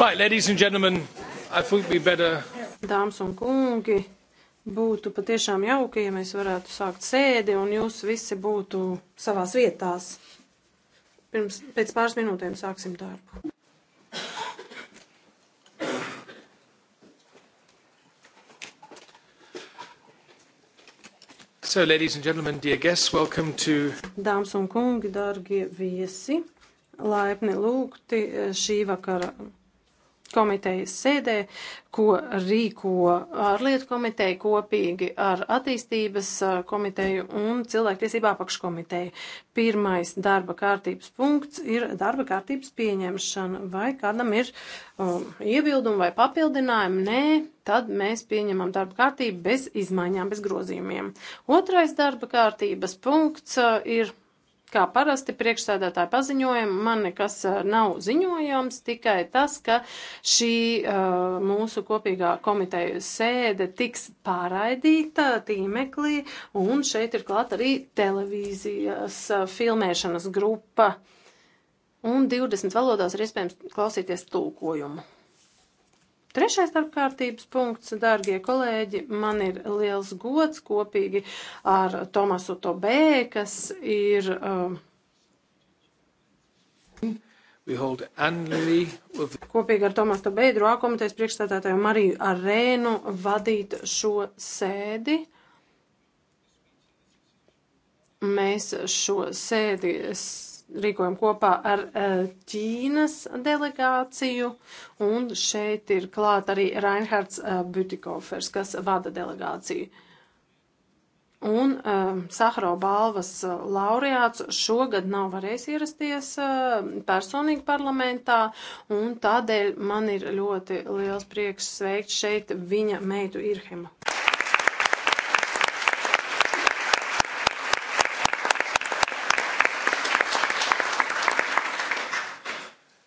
Right, ladies and gentlemen, I think we better. Dāmas un kungi, būtu patiešām jauki, ja mēs varētu sākt sēdi un jūs visi būtu savās vietās. Pirms, pēc pāris minūtēm sāksim darbu. So, ladies and gentlemen, dear guests, welcome to... Dāmas un kungi, dārgie viesi, laipni lūgti eh, šī vakara komitejas sēdē, ko rīko ārlietu komiteja kopīgi ar attīstības uh, komiteju un cilvēktiesībā apakškomiteju. Pirmais darba kārtības punkts ir darba kārtības pieņemšana. Vai kādam ir um, iebildumi vai papildinājumi? Nē, tad mēs pieņemam darba kārtību bez izmaiņām, bez grozījumiem. Otrais darba kārtības punkts uh, ir Kā parasti priekšsēdētāja paziņojuma, man nekas eh, nav ziņojams, tikai tas, ka šī uh, mūsu kopīgā komiteja sēde tiks pārraidīta tīmeklī, un šeit ir klāt arī televīzijas uh, filmēšanas grupa, un 20 valodās ir iespējams klausīties tulkojumu. Trešais darbkārtības punkts, dārgie kolēģi, man ir liels gods kopīgi ar Tomasu Tobē, kas ir. Uh, with... Kopīgi ar Tomasu Tobē, droā komitejas priekšstādātāju Mariju Arēnu vadīt šo sēdi. Mēs šo sēdi rīkojam kopā ar eh, Ķīnas delegāciju, un šeit ir klāt arī Reinhards eh, Butikofers, kas vada delegāciju. Un uh, eh, Sahara balvas laureāts šogad nav varējis ierasties uh, personīgi parlamentā, un tādēļ man ir ļoti liels prieks sveikt šeit viņa meitu Irhemu.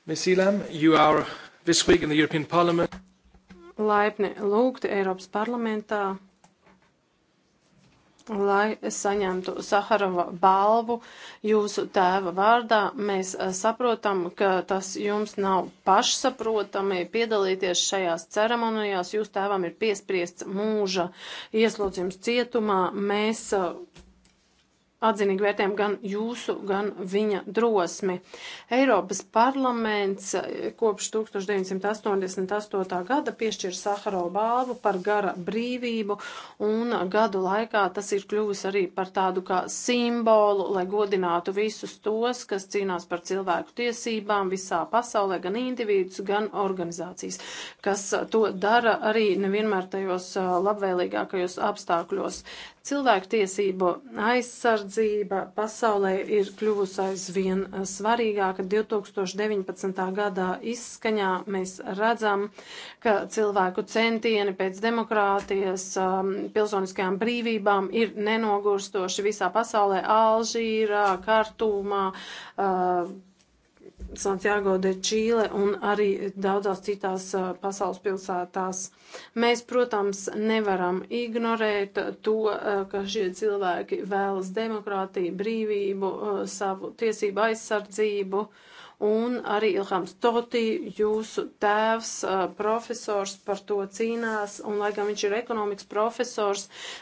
Ms. Ilam, you are this week in the European Parliament. Laipni lūgti Eiropas parlamentā, lai saņemtu Saharova balvu jūsu tēva vārdā. Mēs eh, saprotam, ka tas jums nav pašsaprotami piedalīties šajās ceremonijās. Jūs tēvam ir piespriests mūža ieslodzījums cietumā. Mēs eh, atzinīgi vērtējam gan jūsu, gan viņa drosmi. Eiropas parlaments eh, kopš 1988. gada piešķir Saharo balvu par gara brīvību, un gadu laikā tas ir kļuvis arī par tādu kā simbolu, lai godinātu visus tos, kas cīnās par cilvēku tiesībām visā pasaulē, gan individus, gan organizācijas, kas to dara arī nevienmēr tajos eh, labvēlīgākajos apstākļos. Cilvēktiesību aizsardzība pasaulē ir kļuvusi aizvien eh, svarīgāka. 2019. gadā izskaņā mēs redzam, ka cilvēku centieni pēc demokrātijas, um, pilsoniskajām brīvībām ir nenogurstoši visā pasaulē - Alžīrā, Kartūmā, uh, Santiago de Čīle un arī daudzās citās pasaules pilsētās. Mēs, protams, nevaram ignorēt to, ka šie cilvēki vēlas demokrātiju, brīvību, savu tiesību aizsardzību. Uh, Un arī Ilhams Totī, jūsu tēvs, profesors par to cīnās, un lai gan viņš ir ekonomikas profesors,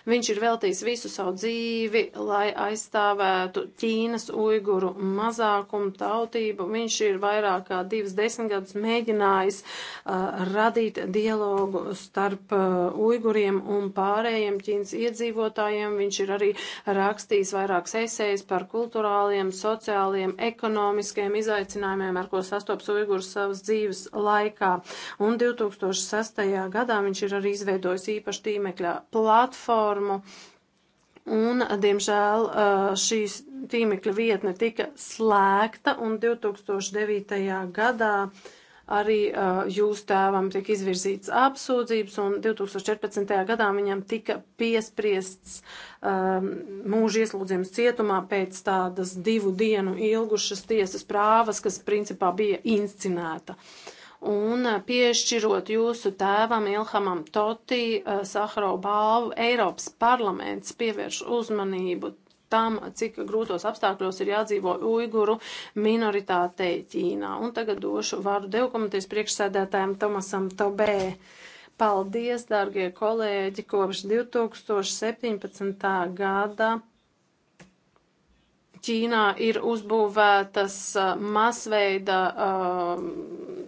viņš ir veltījis visu savu dzīvi, lai aizstāvētu Ķīnas uiguru mazākumu tautību. Viņš ir vairāk kā divas desmitgadus mēģinājis uh, radīt dialogu starp uh, uiguriem un pārējiem Ķīnas iedzīvotājiem. Viņš ir arī rakstījis vairākas esejas par kulturāliem, sociāliem, ekonomiskiem izaicinājumiem izaicinājumiem, ar ko sastopas Uigurs savas dzīves laikā. Un 2006. gadā viņš ir arī izveidojis īpašu tīmekļa platformu. Un, diemžēl, šīs tīmekļa vietne tika slēgta un 2009. gadā Arī uh, jūs tēvam tika izvirzīts apsūdzības, un 2014. gadā viņam tika piespriests um, mūža ieslodzījums cietumā pēc tādas divu dienu ilgušas tiesas prāvas, kas principā bija inscinēta. Un uh, piešķirot jūsu tēvam Ilhamam Toti uh, Saharo balvu, Eiropas parlaments pievērš uzmanību tam, cik grūtos apstākļos ir jādzīvo uiguru minoritātei Ķīnā. Un tagad došu vārdu devkomitejas priekšsēdētājiem Tomasam Tobē. Paldies, dārgie kolēģi, kopš 2017. gada Ķīnā ir uzbūvētas uh, masveida um,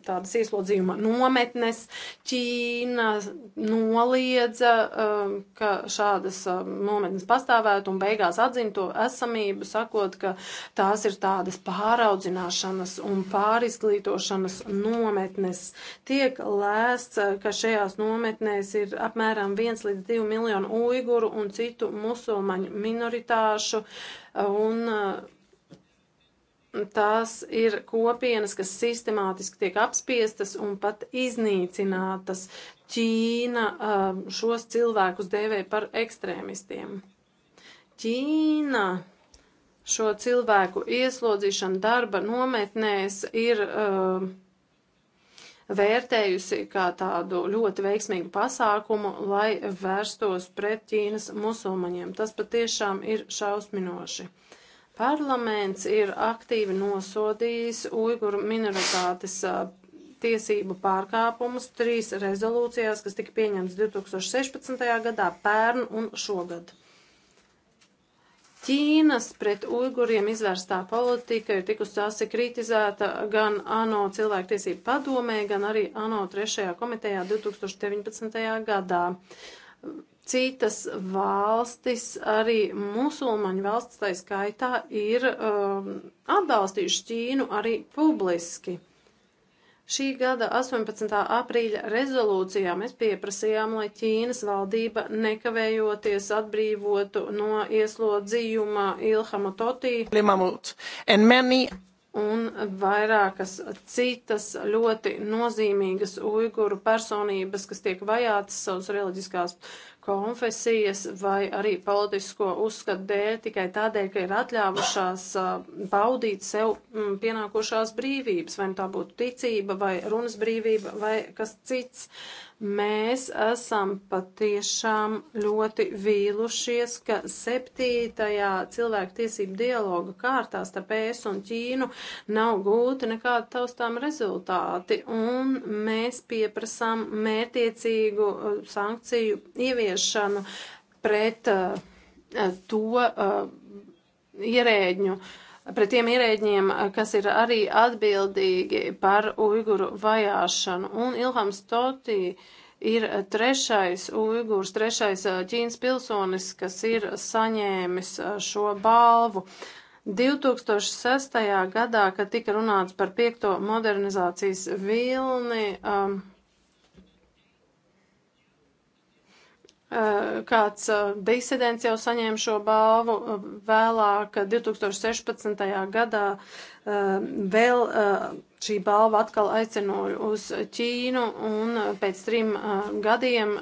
tādas ieslodzījuma nometnes. Ķīna noliedza, um, ka šādas um, nometnes pastāvētu un beigās atzina to esamību, sakot, ka tās ir tādas pāraudzināšanas un pārizglītošanas nometnes. Tiek lēsts, uh, ka šajās nometnēs ir apmēram 1 līdz 2 miljonu uiguru un citu musulmaņu minoritāšu. Uh, Un, eh, Tās ir kopienas, kas sistemātiski tiek apspiestas un pat iznīcinātas. Ķīna eh, šos cilvēkus dēvē par ekstrēmistiem. Ķīna šo cilvēku ieslodzīšana darba nometnēs ir uh, vērtējusi kā tādu ļoti veiksmīgu pasākumu, lai vērstos pret Ķīnas musulmaņiem. Tas patiešām ir šausminoši. Parlaments ir aktīvi nosodījis uiguru minoritātes tiesību pārkāpumus trīs rezolūcijās, kas tika pieņemts 2016. gadā, pērn un šogad. Ķīnas pret uiguriem izvērstā politika ir tikusi asi kritizēta gan ANO cilvēktiesību padomē, gan arī ANO trešajā komitejā 2019. gadā. Citas valstis, arī musulmaņu valsts tā skaitā, ir um, atbalstījuši Ķīnu arī publiski. Šī gada 18. aprīļa rezolūcijā mēs pieprasījām, lai Ķīnas valdība nekavējoties atbrīvotu no ieslodzījuma Ilhamu Totī un vairākas citas ļoti nozīmīgas uiguru personības, kas tiek vajātas savas reliģiskās konfesijas vai arī politisko uzskatu dēļ tikai tādēļ, ka ir atļāvušās baudīt sev mm, pienākošās brīvības, vai nu tā būtu ticība vai runas brīvība vai kas cits. Mēs esam patiešām ļoti vīlušies, ka septītajā cilvēku tiesību dialoga kārtā starp ES un Ķīnu nav gūti nekādi taustām rezultāti, un mēs pieprasām mērtiecīgu uh, sankciju ieviešanu pret uh, uh to uh, ierēģņu uh, pret tiem ierēģiem, eh, kas ir arī atbildīgi par uiguru vajāšanu. Un Ilhams Totī ir trešais uigurs, trešais eh, Ķīnas pilsonis, kas ir saņēmis eh, šo balvu. 2006. gadā, kad tika runāts par piekto modernizācijas vilni, um, Eh, kāds eh, disidents jau saņēma šo balvu eh, vēlāk 2016. gadā Ehm, vēl eh, šī balva atkal aicinoja uz Ķīnu, un eh, pēc trim eh, gadiem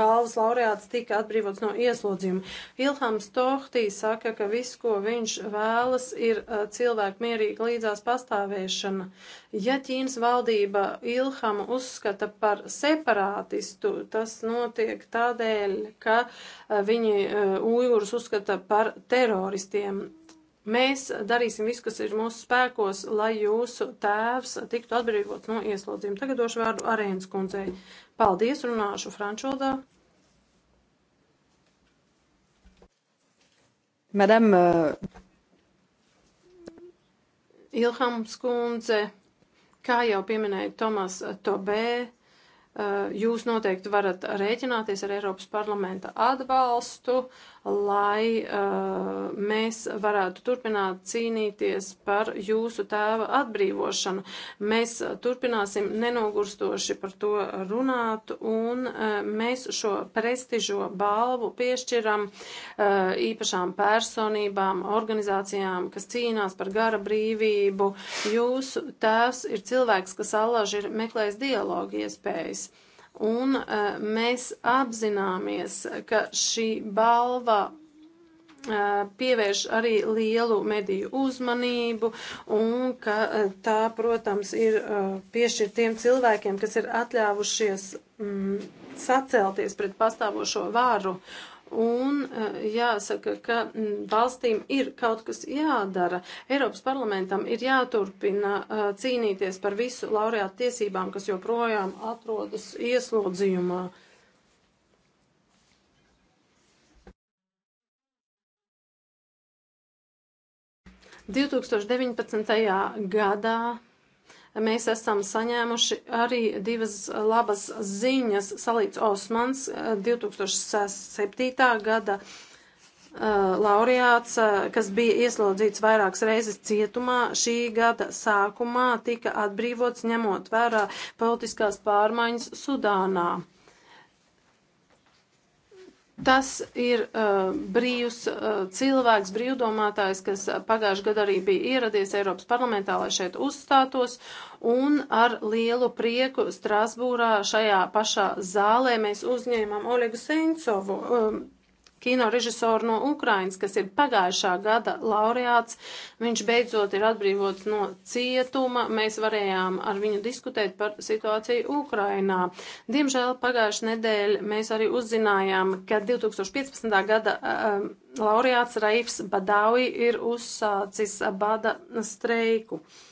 balvas laureāts tika atbrīvots no ieslodzījuma. Ilhams Tohtī saka, ka viss, ko viņš vēlas, ir cilvēku mierīga līdzās pastāvēšana. Ja Ķīnas valdība Ilhamu uzskata par separātistu, tas notiek tādēļ, ka viņi Ujūrus uzskata par teroristiem. Mēs darīsim visu, kas ir mūsu spēkos, lai jūsu tēvs tiktu atbrīvots no ieslodzījuma. Tagad došu vārdu Arēnas kundzei. Paldies, runāšu frančodā. Madame uh... Ilhams kundze, kā jau pieminēja Tomas Tobē, uh, jūs noteikti varat rēķināties ar Eiropas parlamenta atbalstu. Uh, lai uh, mēs varētu turpināt cīnīties par jūsu tēva atbrīvošanu. Mēs turpināsim nenogurstoši par to runāt, un uh, mēs šo prestižo balvu piešķiram uh, īpašām personībām, organizācijām, kas cīnās par gara brīvību. Jūsu tēvs ir cilvēks, kas allaž ir meklējis dialogu iespējas. Ja Un uh, mēs apzināmies, ka šī balva e, pievērš arī lielu mediju uzmanību un ka e, tā, protams, ir piešķirt tiem cilvēkiem, kas ir atļāvušies mm, sacelties pret pastāvošo varu. Un eh, jāsaka, ka mm, valstīm ir kaut kas jādara. Eiropas parlamentam ir jāturpina eh, cīnīties par visu laureātu tiesībām, kas joprojām atrodas ieslodzījumā. Divtūkstoš deviņpadsmitajā gadā mēs esam saņēmuši arī divas labas ziņas. Salīdz Osmans 2007. Eh, gada eh, laureāts, eh, kas bija ieslodzīts vairākas reizes cietumā, šī gada sākumā tika atbrīvots ņemot vērā politiskās pārmaiņas Sudānā. Tas ir uh, brīvs uh, cilvēks, brīvdomātājs, kas pagājuši gadu arī bija ieradies Eiropas parlamentā, lai šeit uzstātos, un ar lielu prieku Strasbūrā šajā pašā zālē mēs uzņēmām Olegu Sencovu. Um, kino režisoru no Ukrainas, kas ir pagājušā gada laureāts. Viņš beidzot ir atbrīvots no cietuma. Mēs varējām ar viņu diskutēt par situāciju Ukrainā. Diemžēl pagājušā nedēļa mēs arī uzzinājām, ka 2015. gada um, laureāts Raifs Badawi ir uzsācis bada streiku. Uh,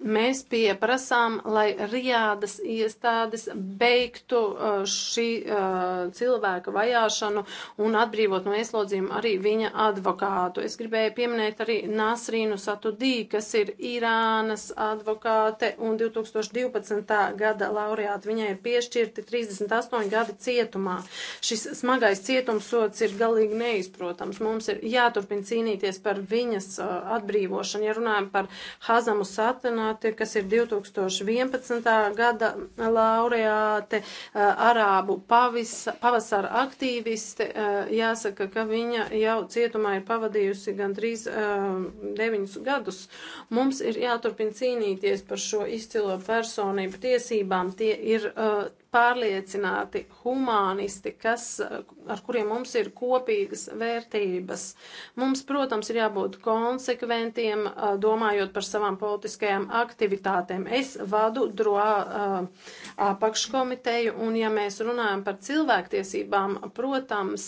Mēs pieprasām, lai Rijādas iestādes beigtu uh, šī uh, cilvēka vajāšanu un atbrīvot no ieslodzījuma arī viņa advokātu. Es gribēju pieminēt arī Nasrīnu Satudī, kas ir Irānas advokāte un 2012. gada laureāta. Viņai ir piešķirti 38 gadi cietumā. Šis smagais cietumsots ir galīgi neizprotams. Mums ir jāturpina cīnīties par viņas uh, atbrīvošanu. Ja runājam par Hazamu Satanā, laureāti, kas ir 2011. gada laureāti, eh, arābu pavis, pavasara aktīvisti. Eh, jāsaka, ka viņa jau cietumā ir pavadījusi gandrīz eh, deviņus gadus. Mums ir jāturpina cīnīties par šo izcilo personību tiesībām. Tie ir pārliecināti humānisti, kas, ar kuriem mums ir kopīgas vērtības. Mums, protams, ir jābūt konsekventiem, domājot par savām politiskajām aktivitātēm. Es vadu droā apakškomiteju, un ja mēs runājam par cilvēktiesībām, protams,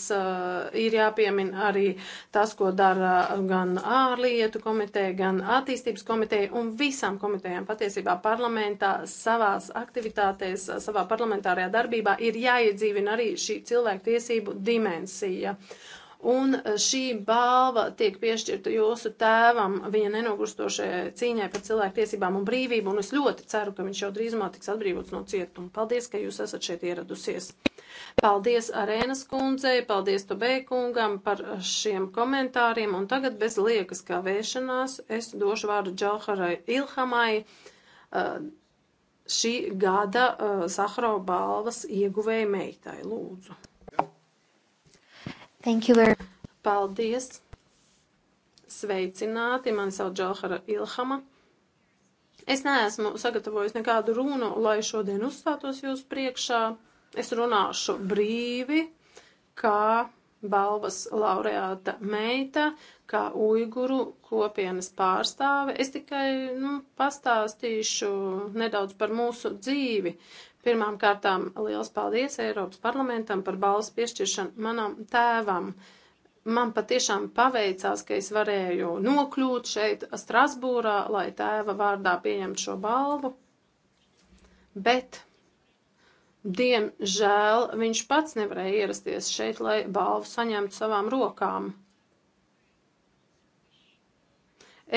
ir jāpiemina arī tas, ko dara gan ārlietu komiteja, gan attīstības komiteja un visām komitejām patiesībā parlamentā savās aktivitātēs, savā parlamentā parlamentārajā darbībā ir jāiedzīvina arī šī cilvēku tiesību dimensija. Un e, šī balva tiek piešķirta jūsu tēvam viņa nenogurstošajai cīņai par cilvēku tiesībām un brīvību, un es ļoti ceru, ka viņš jau drīzumā tiks atbrīvots no cietuma. Paldies, ka jūs esat šeit ieradusies. Paldies Arēnas kundzei, paldies Tobē kungam par šiem komentāriem, un tagad bez liekas kavēšanās es došu vārdu Džoharai Ilhamai. Uh, šī gada uh, Sahrau balvas ieguvēja meitai. Lūdzu. Thank you very Paldies. Sveicināti. Mani sauc Džohara Ilhama. Es neesmu sagatavojis nekādu runu, lai šodien uzstātos jūs priekšā. Es runāšu brīvi, kā. Ka balvas laureāta meita, kā uiguru kopienas pārstāve. Es tikai nu, pastāstīšu nedaudz par mūsu dzīvi. Pirmām kārtām liels paldies Eiropas parlamentam par balvas piešķiršanu manam tēvam man patiešām paveicās, ka es varēju nokļūt šeit, Strasbūrā, lai tēva vārdā pieņemtu šo balvu. Bet Diemžēl viņš pats nevarēja ierasties šeit, lai balvu saņemtu savām rokām.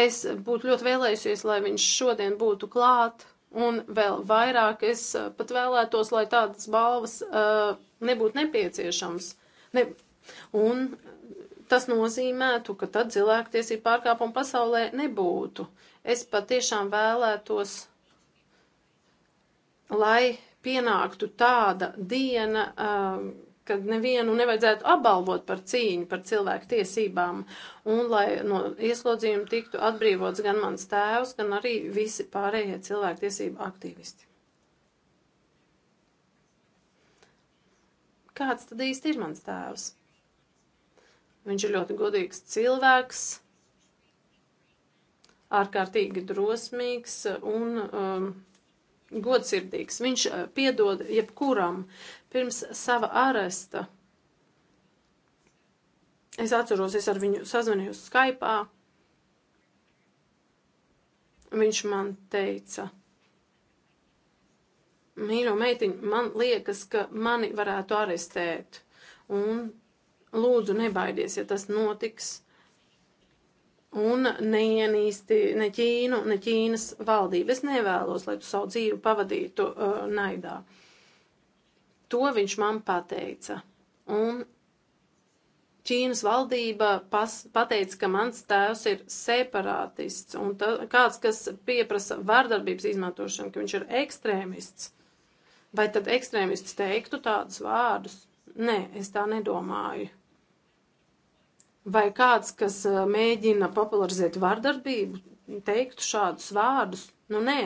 Es būtu ļoti vēlējusies, lai viņš šodien būtu klāt, un vēl vairāk es eh, pat vēlētos, lai tādas balvas uh, nebūtu nepieciešams. Ne, un tas nozīmētu, ka tad cilvēktiesība pārkāpuma pasaulē nebūtu. Es patiešām vēlētos, lai pienāktu tāda diena, um, kad nevienu nevajadzētu apbalvot par cīņu par cilvēku tiesībām, un lai no ieslodzījuma tiktu atbrīvots gan mans tēvs, gan arī visi pārējie cilvēku tiesību aktīvisti. Kāds tad īsti ir mans tēvs? Viņš ir ļoti godīgs cilvēks, ārkārtīgi drosmīgs un um, godsirdīgs. Viņš eh, piedod jebkuram pirms sava aresta. Es atceros, es ar viņu sazvanījos Skype. Viņš man teica, mīļo meitiņu, man liekas, ka mani varētu arestēt. Un lūdzu, nebaidies, ja tas notiks un neienīsti ne Ķīnu, ne Ķīnas valdību. Es nevēlos, lai tu savu dzīvi pavadītu uh, naidā. To viņš man pateica. Un Ķīnas valdība pas, pateica, ka mans tēvs ir separātists un tā, kāds, kas pieprasa vārdarbības izmantošanu, ka viņš ir ekstrēmists. Vai tad ekstrēmists teiktu tādus vārdus? Nē, es tā nedomāju. Vai kāds, kas mēģina popularizēt vardarbību, teiktu šādus vārdus? Nu, nē.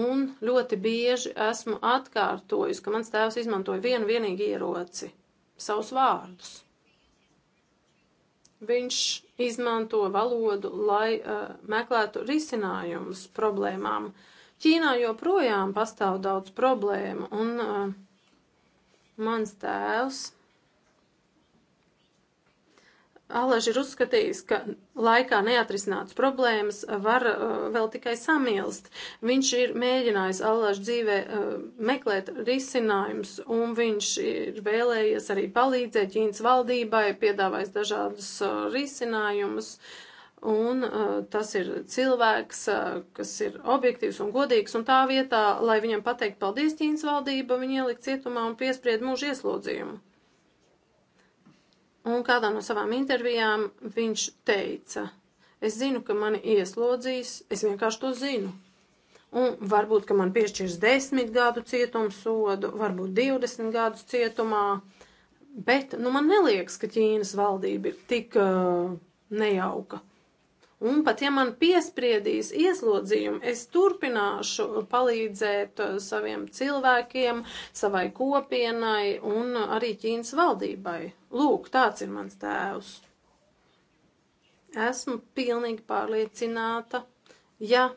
Un ļoti bieži esmu atkārtojusi, ka mans tēvs izmantoja vienu vienīgu ieroci - savus vārdus. Viņš izmanto valodu, lai uh, meklētu risinājumus problēmām. Ķīnā joprojām pastāv daudz problēmu, un uh, mans tēvs Alaži ir uzskatījis, ka laikā neatrisināts problēmas var uh, vēl tikai samilst. Viņš ir mēģinājis Allaži dzīvē uh, meklēt risinājumus, un viņš ir vēlējies arī palīdzēt Ķīnas valdībai, piedāvājis dažādus uh, risinājumus. Un uh, tas ir cilvēks, uh, kas ir objektīvs un godīgs, un tā vietā, lai viņam pateikt paldies Ķīnas valdība, viņa ielika cietumā un piespried mūža ieslodzījumu. Un kādā no savām intervijām viņš teica, es zinu, ka mani ieslodzīs, es vienkārši to zinu. Un varbūt, ka man piešķirs desmit gadu cietumsodu, varbūt 20 gadus cietumā. Bet nu, man neliekas, ka Ķīnas valdība ir tik uh, nejauka. Un pat ja man piespriedīs ieslodzījumu, es turpināšu palīdzēt eh, saviem cilvēkiem, savai kopienai un arī Ķīnas valdībai. Lūk, tāds ir mans tēvs. Esmu pilnīgi pārliecināta, ja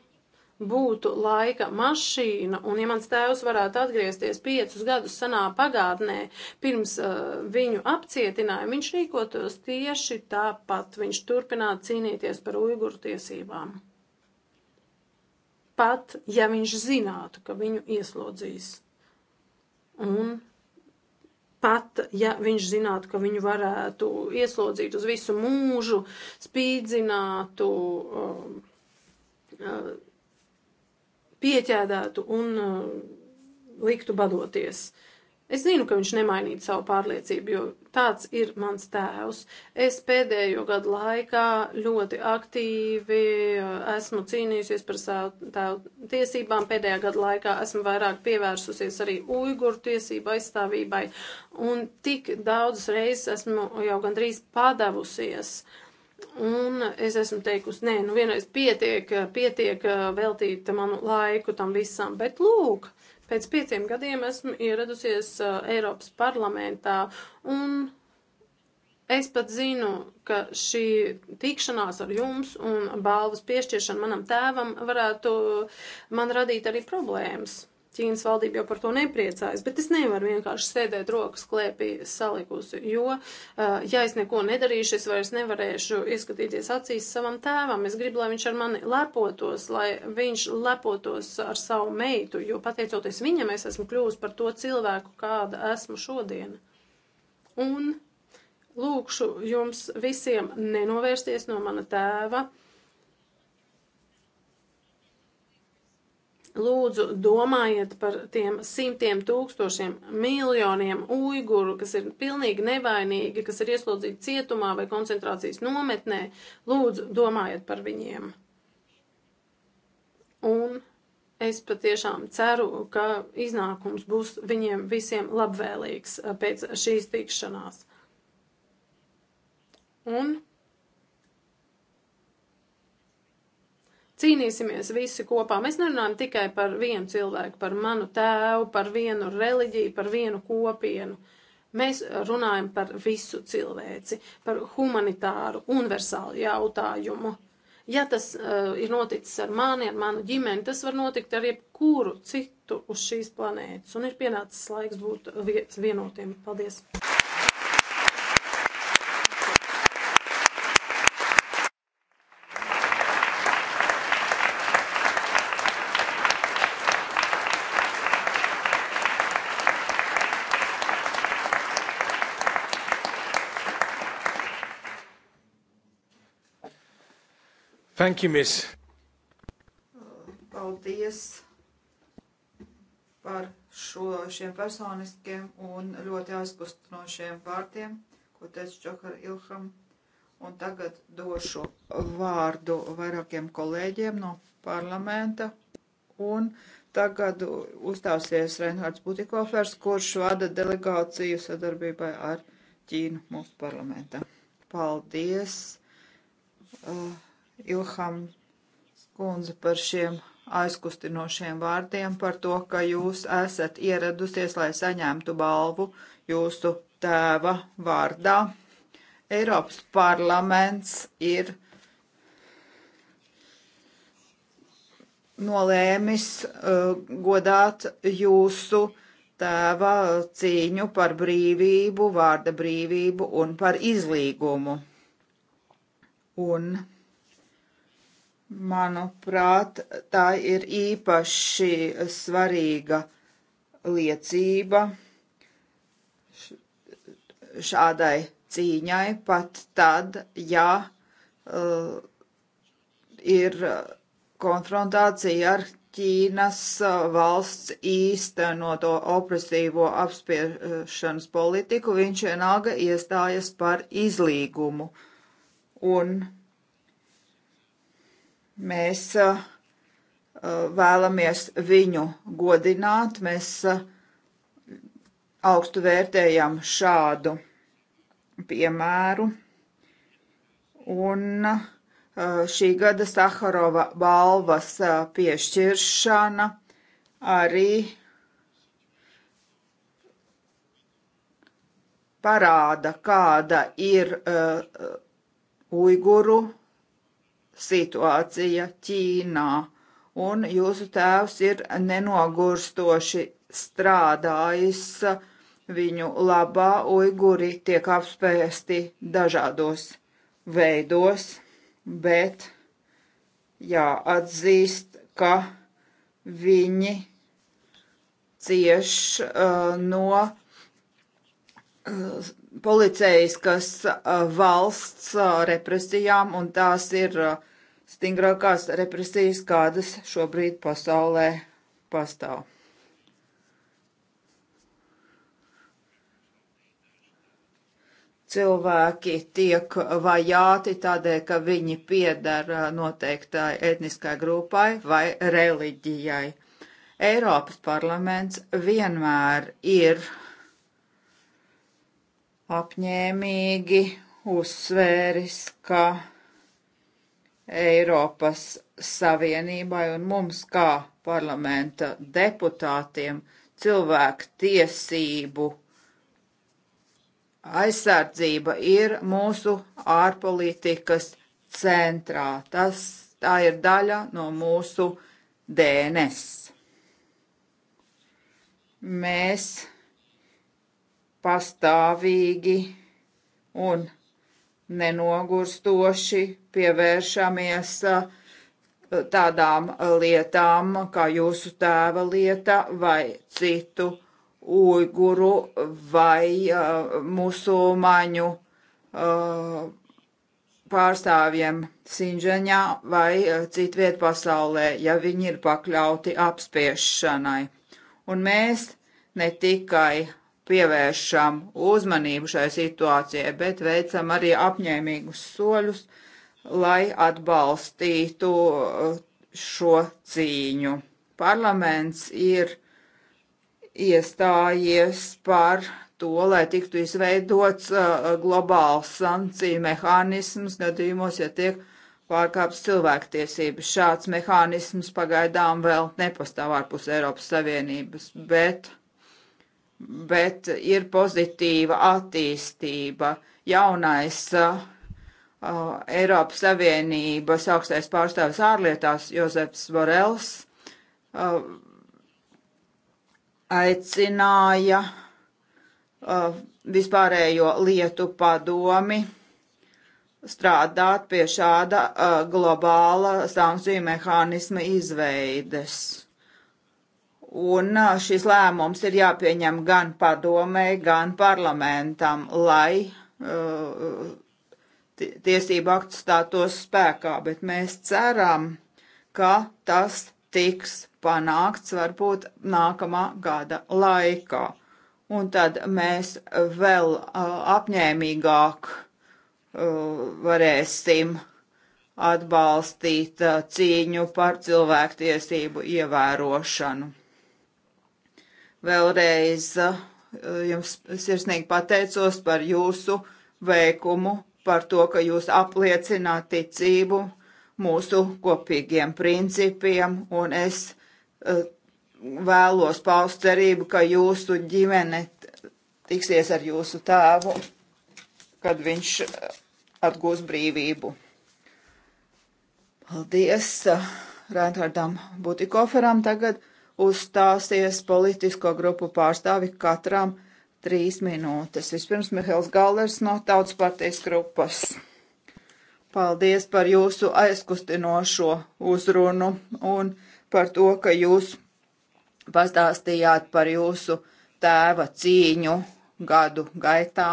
būtu laika mašīna, un ja mans tēvs varētu atgriezties piecus gadus senā pagātnē, pirms uh, viņu apcietināja, viņš rīkotos tieši tāpat. Viņš turpinātu cīnīties par uiguru tiesībām. Pat, ja viņš zinātu, ka viņu ieslodzīs. Un pat, ja viņš zinātu, ka viņu varētu ieslodzīt uz visu mūžu, spīdzinātu, um, uh, uh, pieķēdētu un uh, liktu badoties. Es zinu, ka viņš nemainītu savu pārliecību, jo tāds ir mans tēvs. Es pēdējo gadu laikā ļoti aktīvi uh, esmu cīnījusies par savu tēvu tiesībām. Pēdējā gada laikā esmu vairāk pievērsusies arī uiguru tiesību aizstāvībai un tik daudzas reizes esmu jau gandrīz padavusies. Uh, Un es esmu teikusi, nē, nu vienreiz pietiek, pietiek veltīt manu laiku tam visam, bet lūk, pēc pieciem gadiem esmu ieradusies Eiropas parlamentā un es pat zinu, ka šī tikšanās ar jums un balvas piešķiršana manam tēvam varētu man radīt arī problēmas. Ķīnas valdība jau par to nepriecājas, bet es nevaru vienkārši sēdēt rokas klēpī salikusi, jo, ja es neko nedarīšu, es vairs nevarēšu ieskatīties acīs savam tēvam. Es gribu, lai viņš ar mani lepotos, lai viņš lepotos ar savu meitu, jo pateicoties viņam, es esmu kļuvusi par to cilvēku, kāda esmu šodien. Un lūkšu jums visiem nenovērsties no mana tēva Lūdzu, domājiet par tiem simtiem tūkstošiem, miljoniem uiguru, kas ir pilnīgi nevainīgi, kas ir ieslodzīti cietumā vai koncentrācijas nometnē. Lūdzu, domājiet par viņiem. Un es patiešām ceru, ka iznākums būs viņiem visiem labvēlīgs uh, pēc šīs tikšanās. Un Cīnīsimies visi kopā. Mēs nerunājam tikai par vienu cilvēku, par manu tēvu, par vienu reliģiju, par vienu kopienu. Mēs runājam par visu cilvēci, par humanitāru, universālu jautājumu. Ja tas uh, ir noticis ar mani, ar manu ģimeni, tas var notikt ar jebkuru citu uz šīs planētas. Un ir pienācis laiks būt vienotiem. Paldies! Thank you, miss. Paldies par šo, šiem personiskiem un ļoti aizkustinošiem vārdiem, ko teica Čokar Ilham. Un tagad došu vārdu vairākiem kolēģiem no parlamenta. Un tagad uzstāsies Reinhards Butikofers, kurš vada delegāciju sadarbībai ar Ķīnu mūsu parlamentā. Paldies! Uh, Ilham kundze par šiem aizkustinošiem vārdiem, par to, ka jūs esat ieradusies, lai saņemtu balvu jūsu tēva vārdā. Eiropas parlaments ir nolēmis uh, godāt jūsu tēva cīņu par brīvību, vārda brīvību un par izlīgumu. Un Manuprāt, tā ir īpaši svarīga liecība šādai cīņai, pat tad, ja uh, ir konfrontācija ar Ķīnas uh, valsts īstenoto opresīvo apspiešanas politiku, viņš vienalga iestājas par izlīgumu. Un Mēs uh, uh, vēlamies viņu godināt, mēs uh, augstu vērtējam šādu piemēru. Un šī gada Saharova balvas piešķiršana arī parāda, kāda ir uh, uiguru situācija Ķīnā, un jūsu tēvs ir nenogurstoši strādājis viņu labā, uiguri tiek apspēsti dažādos veidos, bet jāatzīst, ka viņi cieš uh, no uh, policijas, kas uh, valsts uh, represijām, un tās ir uh, stingrākās represijas, kādas šobrīd pasaulē pastāv. Cilvēki tiek vajāti tādēļ, ka viņi piedara uh, noteiktai etniskai grupai vai reliģijai. Eiropas parlaments vienmēr ir apņēmīgi uzsvēris, ka Eiropas Savienībai un mums kā parlamenta deputātiem cilvēku tiesību aizsardzība ir mūsu ārpolitikas centrā. Tas, tā ir daļa no mūsu DNS. Mēs pastāvīgi un nenogurstoši pievēršamies eh, tādām lietām kā jūsu tēva lieta vai citu uiguru vai uh, musulmaņu uh, pārstāvjiem Sinžaņā vai uh, citviet pasaulē, ja viņi ir pakļauti apspiešanai. Un mēs ne tikai pievēršam uzmanību šai situācijai, bet veicam arī apņēmīgus soļus, lai atbalstītu uh, šo cīņu. Parlaments ir iestājies par to, lai tiktu izveidots uh, globāls sankciju mehānisms gadījumos, ja tiek pārkāpts cilvēktiesības. Šāds mehānisms pagaidām vēl nepastāv ārpus Eiropas Savienības, bet bet ir pozitīva attīstība. Jaunais uh, Eiropas Savienības augstais pārstāvis ārlietās Jozefs Borels uh, aicināja uh, vispārējo lietu padomi strādāt pie šāda uh, globāla sankciju mehānisma izveides. Un šis lēmums ir jāpieņem gan padomēji, gan parlamentam, lai uh, tiesību akts stātos spēkā, bet mēs ceram, ka tas tiks panākts varbūt nākamā gada laikā. Un tad mēs vēl uh, apņēmīgāk uh, varēsim atbalstīt cīņu par cilvēktiesību ievērošanu. Vēlreiz eh, jums sirsnīgi pateicos par jūsu veikumu, par to, ka jūs apliecināt ticību mūsu kopīgiem principiem, un es eh, vēlos paust cerību, ka jūsu ģimene tiksies ar jūsu tēvu, kad viņš eh, atgūs brīvību. Paldies Rēnhardam Butikoferam tagad uzstāsies politisko grupu pārstāvi katram trīs minūtes. Vispirms Mihēls Gallers no Tautas partijas grupas. Paldies par jūsu aizkustinošo uzrunu un par to, ka jūs pastāstījāt par jūsu tēva cīņu gadu gaitā.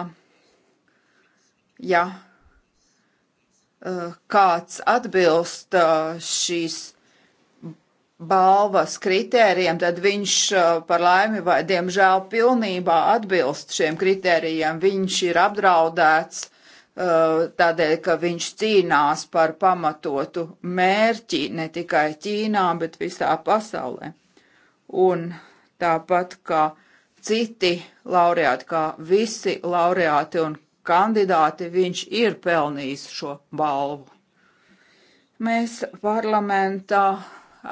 Ja eh, kāds atbilst eh, šīs balvas kritērijiem, tad viņš uh, par laimi vai diemžēl pilnībā atbilst šiem kritērijiem. Viņš ir apdraudēts uh, tādēļ, ka viņš cīnās par pamatotu mērķi ne tikai Ķīnā, bet visā pasaulē. Un tāpat kā citi laureāti, kā visi laureāti un kandidāti, viņš ir pelnījis šo balvu. Mēs parlamentā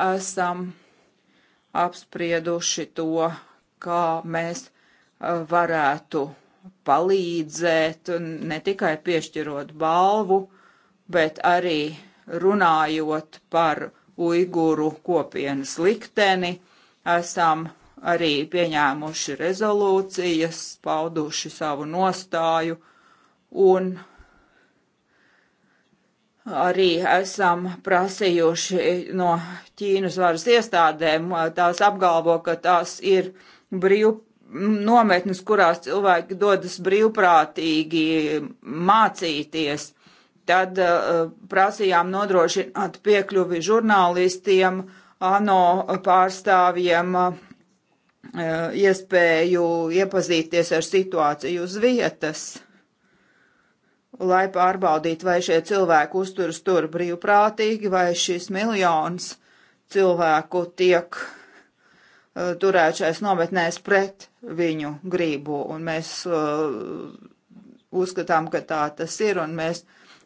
esam apsprieduši to, kā mēs e, varētu palīdzēt, ne tikai piešķirot balvu, bet arī runājot par uiguru kopienas likteni, esam arī pieņēmuši rezolūcijas, pauduši savu nostāju un uh, Arī esam prasījuši no Ķīnas varas iestādēm, eh, tās apgalvo, ka tās ir brīv nometnes, kurās cilvēki dodas brīvprātīgi mācīties. Tad uh, prasījām nodrošināt piekļuvi žurnālistiem, ANO pārstāvjiem, uh, iespēju iepazīties ar situāciju uz vietas lai pārbaudītu, vai šie cilvēki uzturas tur brīvprātīgi, vai šis miljons cilvēku tiek uh, turējušais nometnēs pret viņu gribu. Un mēs uh, uzskatām, ka tā tas ir, un mēs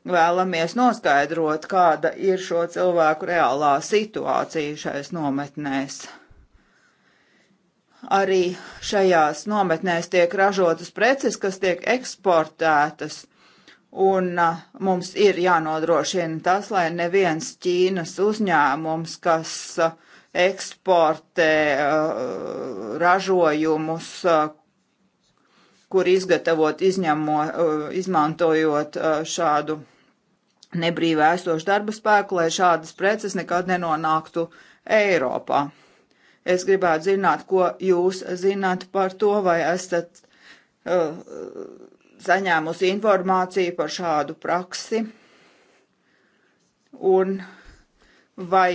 vēlamies noskaidrot, kāda ir šo cilvēku reālā situācija šais nometnēs. Arī šajās nometnēs tiek ražotas preces, kas tiek eksportētas uh, Un mums ir jānodrošina tas, lai neviens Ķīnas uzņēmums, kas eksportē ražojumus, kur izgatavot izņemo, izmantojot šādu nebrīvē aizstošu darba spēku, lai šādas preces nekad nenonāktu Eiropā. Es gribētu zināt, ko jūs zināt par to, vai esat uh, saņēmusi informāciju par šādu praksi un vai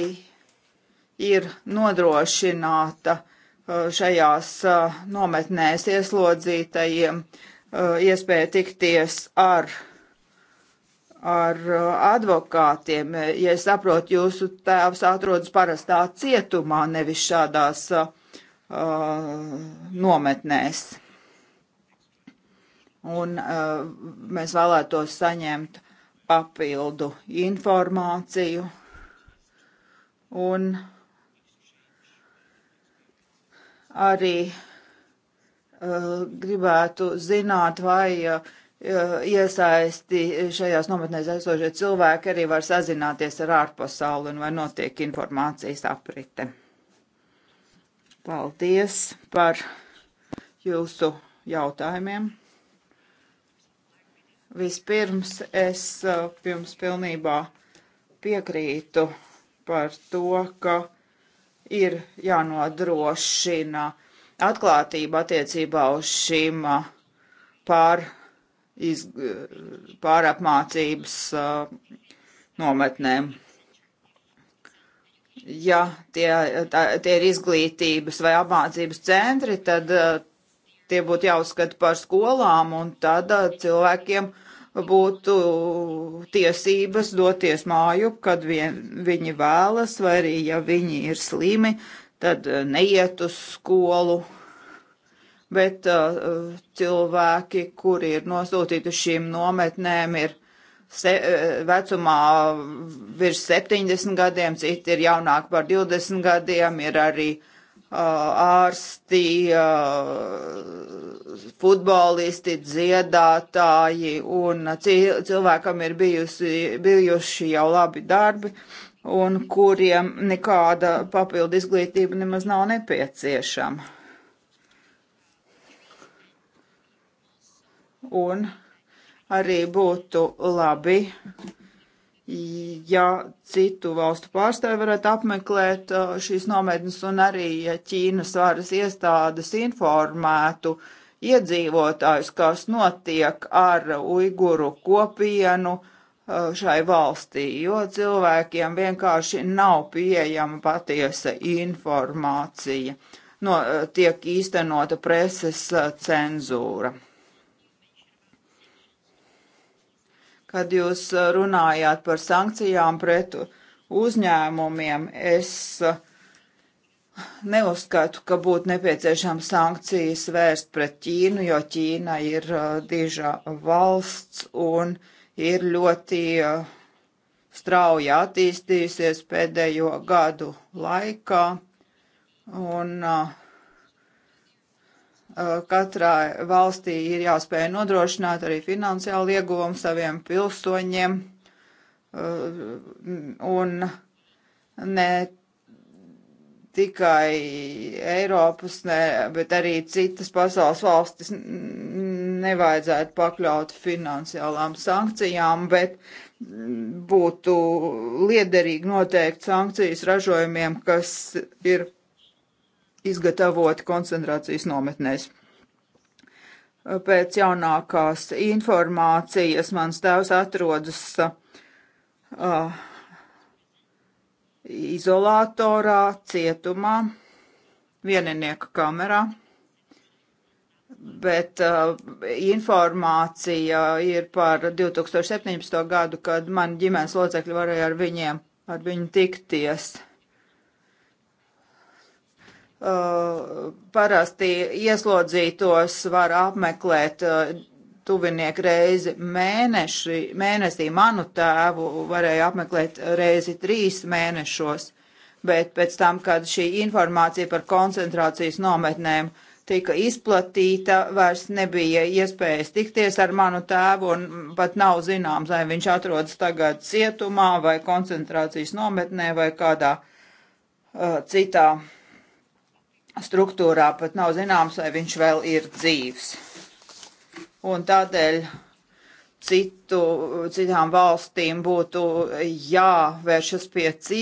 ir nodrošināta uh, šajās uh, nometnēs ieslodzītajiem uh, iespēja tikties ar, ar advokātiem. Ja es saprotu, jūsu tēvs atrodas parastā cietumā, nevis šādās uh, nometnēs un uh, mēs vēlētos saņemt papildu informāciju un arī uh, gribētu zināt, vai uh, iesaisti šajās nometnēs esošie cilvēki arī var sazināties ar ārpasauli un vai notiek informācijas aprite. Paldies par jūsu jautājumiem! Vispirms es eh, jums pilnībā piekrītu par to, ka ir jānodrošina atklātība attiecībā uz šīm eh, pār, iz, eh, pārapmācības nometnēm. Ja tie, tā, tie ir izglītības vai apmācības centri, tad tie būtu jāuzskata par skolām, un tad cilvēkiem būtu tiesības doties māju, kad vien, viņi vēlas, vai arī ja viņi ir slimi, tad eh, neiet uz skolu. Bet uh, cilvēki, kuri ir nosūtīti uz šīm nometnēm, ir se, eh, vecumā virs 70 gadiem, citi ir jaunāki par 20 gadiem, ir arī uh, ārsti, futbolisti, dziedātāji, un cilvēkam ir bijusi, bijuši jau labi darbi, un kuriem nekāda papildu izglītība nemaz nav nepieciešama. Un arī būtu labi, uh, ja citu valstu pārstāvi varētu apmeklēt uh, šīs nometnes un arī, ja Ķīnas varas iestādes informētu iedzīvotājus, kas notiek ar uiguru kopienu uh, šai valstī, jo cilvēkiem vienkārši nav pieejama patiesa informācija. No, uh, tiek īstenota preses cenzūra. kad jūs uh, runājāt par sankcijām pret uzņēmumiem. Es uh, neuzskatu, ka būtu nepieciešams sankcijas vērst pret Ķīnu, jo Ķīna ir uh, diža valsts un ir ļoti strauji attīstījusies pēdējo gadu laikā. Un uh, Eh, Katrai valstī ir jāspēj nodrošināt arī finansiālu ieguvumu saviem pilsoņiem eh, un ne tikai Eiropas, ne, bet arī citas pasaules valstis nevajadzētu pakļaut finansiālām sankcijām, bet būtu liederīgi noteikt sankcijas ražojumiem, kas ir izgatavoti koncentrācijas nometnēs. Pēc jaunākās informācijas mans tēvs atrodas uh, izolatorā, cietumā, vieninieka kamerā, bet uh, informācija ir par 2017. gadu, kad man ģimenes locekļi varēja ar viņiem, ar viņu tikties. Uh, Uh, parasti ieslodzītos var apmeklēt uh, tuvinieki reizi mēneši, mēnesī. Manu tēvu varēja apmeklēt reizi trīs mēnešos, bet pēc tam, kad šī informācija par koncentrācijas nometnēm tika izplatīta, vairs nebija iespējas tikties ar manu tēvu un pat nav zināms, vai viņš atrodas tagad cietumā vai koncentrācijas nometnē vai kādā uh, citā uh, struktūrā pat nav zināms, vai viņš vēl ir dzīvs. Un tādēļ citu, citām valstīm būtu jāvēršas pie, cī,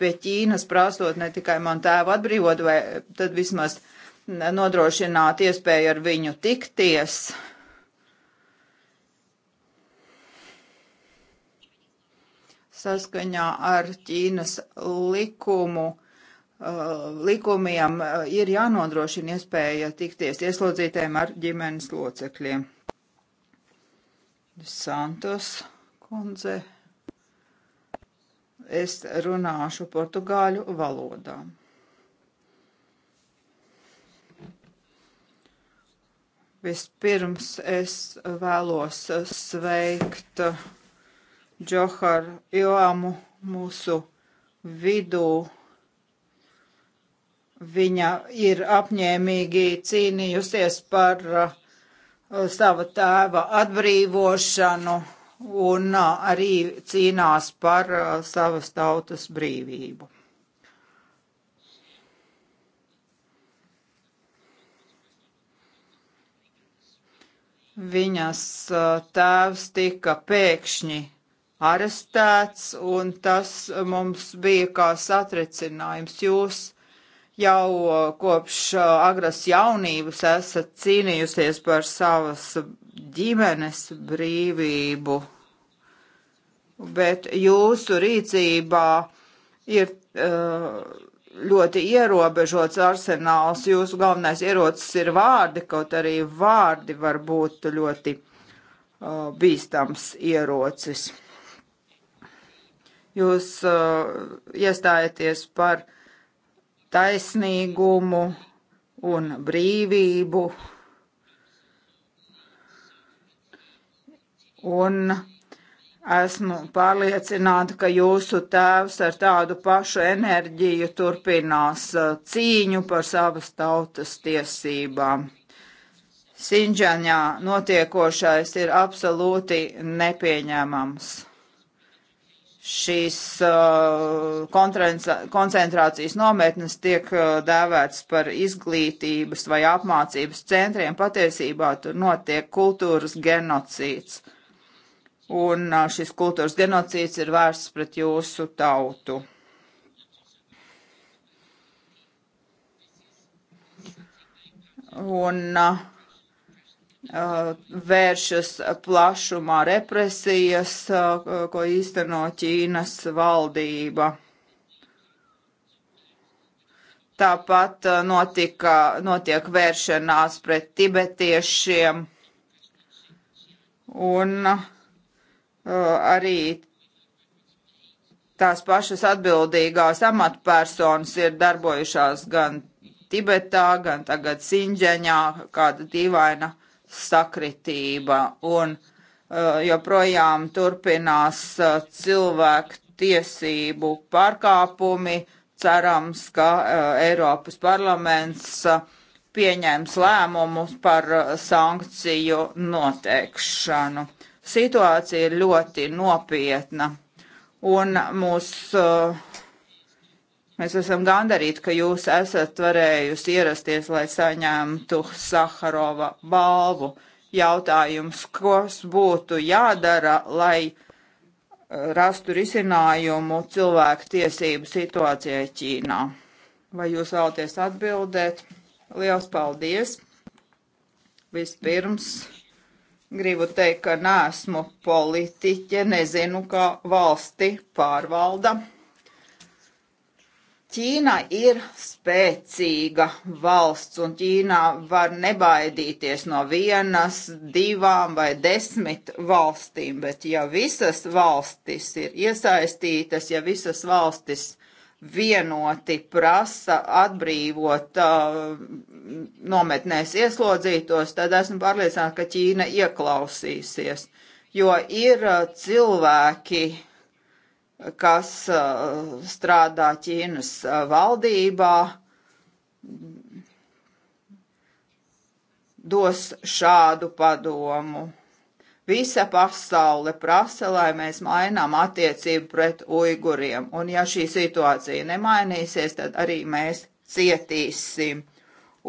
pie Ķīnas, prasot ne tikai man tēvu atbrīvot, vai tad vismaz nodrošināt iespēju ar viņu tikties. Saskaņā ar Ķīnas likumu Uh, likumiem uh, ir jānodrošina iespēja tikties ieslodzītēm ar ģimenes locekļiem. Santos kundze, es runāšu portugāļu valodā. Vispirms es vēlos sveikt Džoharu Ilamu mūsu vidū Viņa ir apņēmīgi cīnījusies par uh, sava tēva atbrīvošanu un uh, arī cīnās par uh, savas tautas brīvību. Viņas uh, tēvs tika pēkšņi arestēts, un tas mums bija kā satricinājums. Jūs jau kopš agras jaunības esat cīnījusies par savas ģimenes brīvību, bet jūsu rīcībā ir ļoti ierobežots arsenāls. Jūsu galvenais ierocis ir vārdi, kaut arī vārdi var būt ļoti bīstams ierocis. Jūs uh, iestājaties par uh, taisnīgumu un brīvību un esmu pārliecināta, ka jūsu tēvs ar tādu pašu enerģiju turpinās uh, cīņu par savas tautas tiesībām. Sinģaņā notiekošais ir absolūti nepieņemams šīs uh, koncentrācijas nometnes tiek uh, dēvēts par izglītības vai apmācības centriem, patiesībā tur notiek kultūras genocīds. Un uh, šis kultūras genocīds ir vērsts pret jūsu tautu. Un uh, Eh, vēršas plašumā represijas, eh, ko īsteno Ķīnas valdība. Tāpat eh, notika, notiek vēršanās pret tibetiešiem un uh, arī tās pašas atbildīgās amatpersonas ir darbojušās gan Tibetā, gan tagad Sinģeņā, kāda dīvaina sakritība un uh, joprojām turpinās uh, cilvēku tiesību pārkāpumi. Cerams, ka uh, Eiropas parlaments pieņems lēmumus par sankciju noteikšanu. Situācija ir ļoti nopietna un mūsu uh, Mēs esam gandarīti, ka jūs esat varējusi ierasties, lai saņemtu Saharova balvu. Jautājums, kas būtu jādara, lai eh, rastu risinājumu cilvēku tiesību situācijai Ķīnā? Vai jūs vēlaties atbildēt? Liels paldies! Vispirms gribu teikt, ka neesmu politiķe, nezinu, kā valsti pārvalda Ķīna ir spēcīga valsts, un Ķīnā var nebaidīties no vienas, divām vai desmit valstīm, bet ja visas valstis ir iesaistītas, ja visas valstis vienoti prasa atbrīvot uh, nometnēs ieslodzītos, tad esmu pārliecināta, ka Ķīna ieklausīsies, jo ir uh, cilvēki, uh, kas strādā Ķīnas valdībā, dos šādu padomu. Visa pasaule prasa, lai mēs mainām attiecību pret uiguriem, un ja šī situācija nemainīsies, tad arī mēs cietīsim.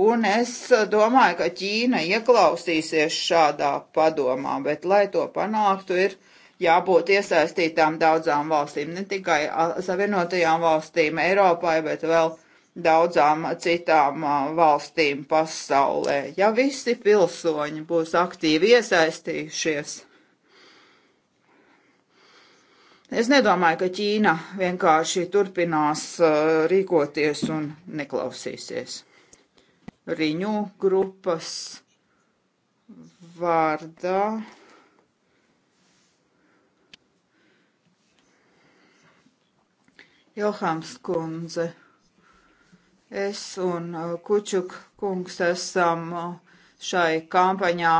Un es domāju, ka Ķīna ieklausīsies šādā padomā, bet, lai to panāktu, ir jābūt iesaistītām daudzām valstīm, ne tikai Savienotajām valstīm Eiropai, bet vēl daudzām citām valstīm pasaulē. Ja visi pilsoņi būs aktīvi iesaistījušies, es nedomāju, ka Ķīna vienkārši turpinās rīkoties un neklausīsies. Riņu grupas vārdā. Johams kundze. Es un uh, Kučuk kungs esam uh, šai kampaņā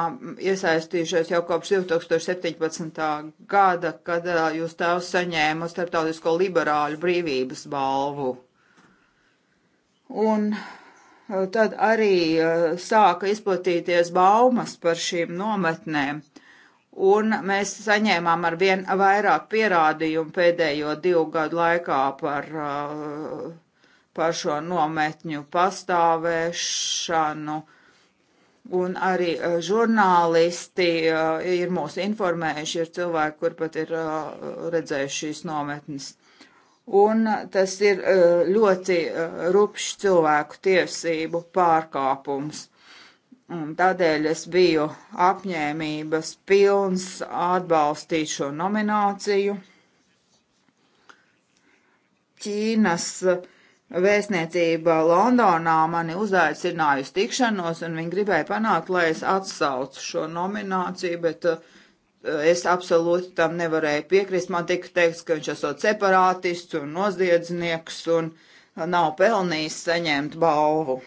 iesaistījušies jau kopš 2017. gada, kad uh, jūs tēvs saņēma starptautisko liberāļu brīvības balvu. Un tad arī sāka izplatīties baumas par šīm nometnēm un mēs saņēmām ar vien vairāk pierādījumu pēdējo divu gadu laikā par, uh, par šo nometņu pastāvēšanu. Un arī uh, žurnālisti uh, ir mūs informējuši, ir cilvēki, kur pat ir redzējuši šīs nometnes. Un tas ir ļoti rupšs cilvēku tiesību pārkāpums Un tādēļ es biju apņēmības pilns atbalstīt šo nomināciju. Ķīnas vēstniecība Londonā mani uzaicināja uz tikšanos, un viņi gribēja panākt, lai es atsaucu šo nomināciju, bet uh, es absolūti tam nevarēju piekrist. Man tika teikts, ka viņš esot separātists un noziedznieks un nav pelnījis saņemt balvu.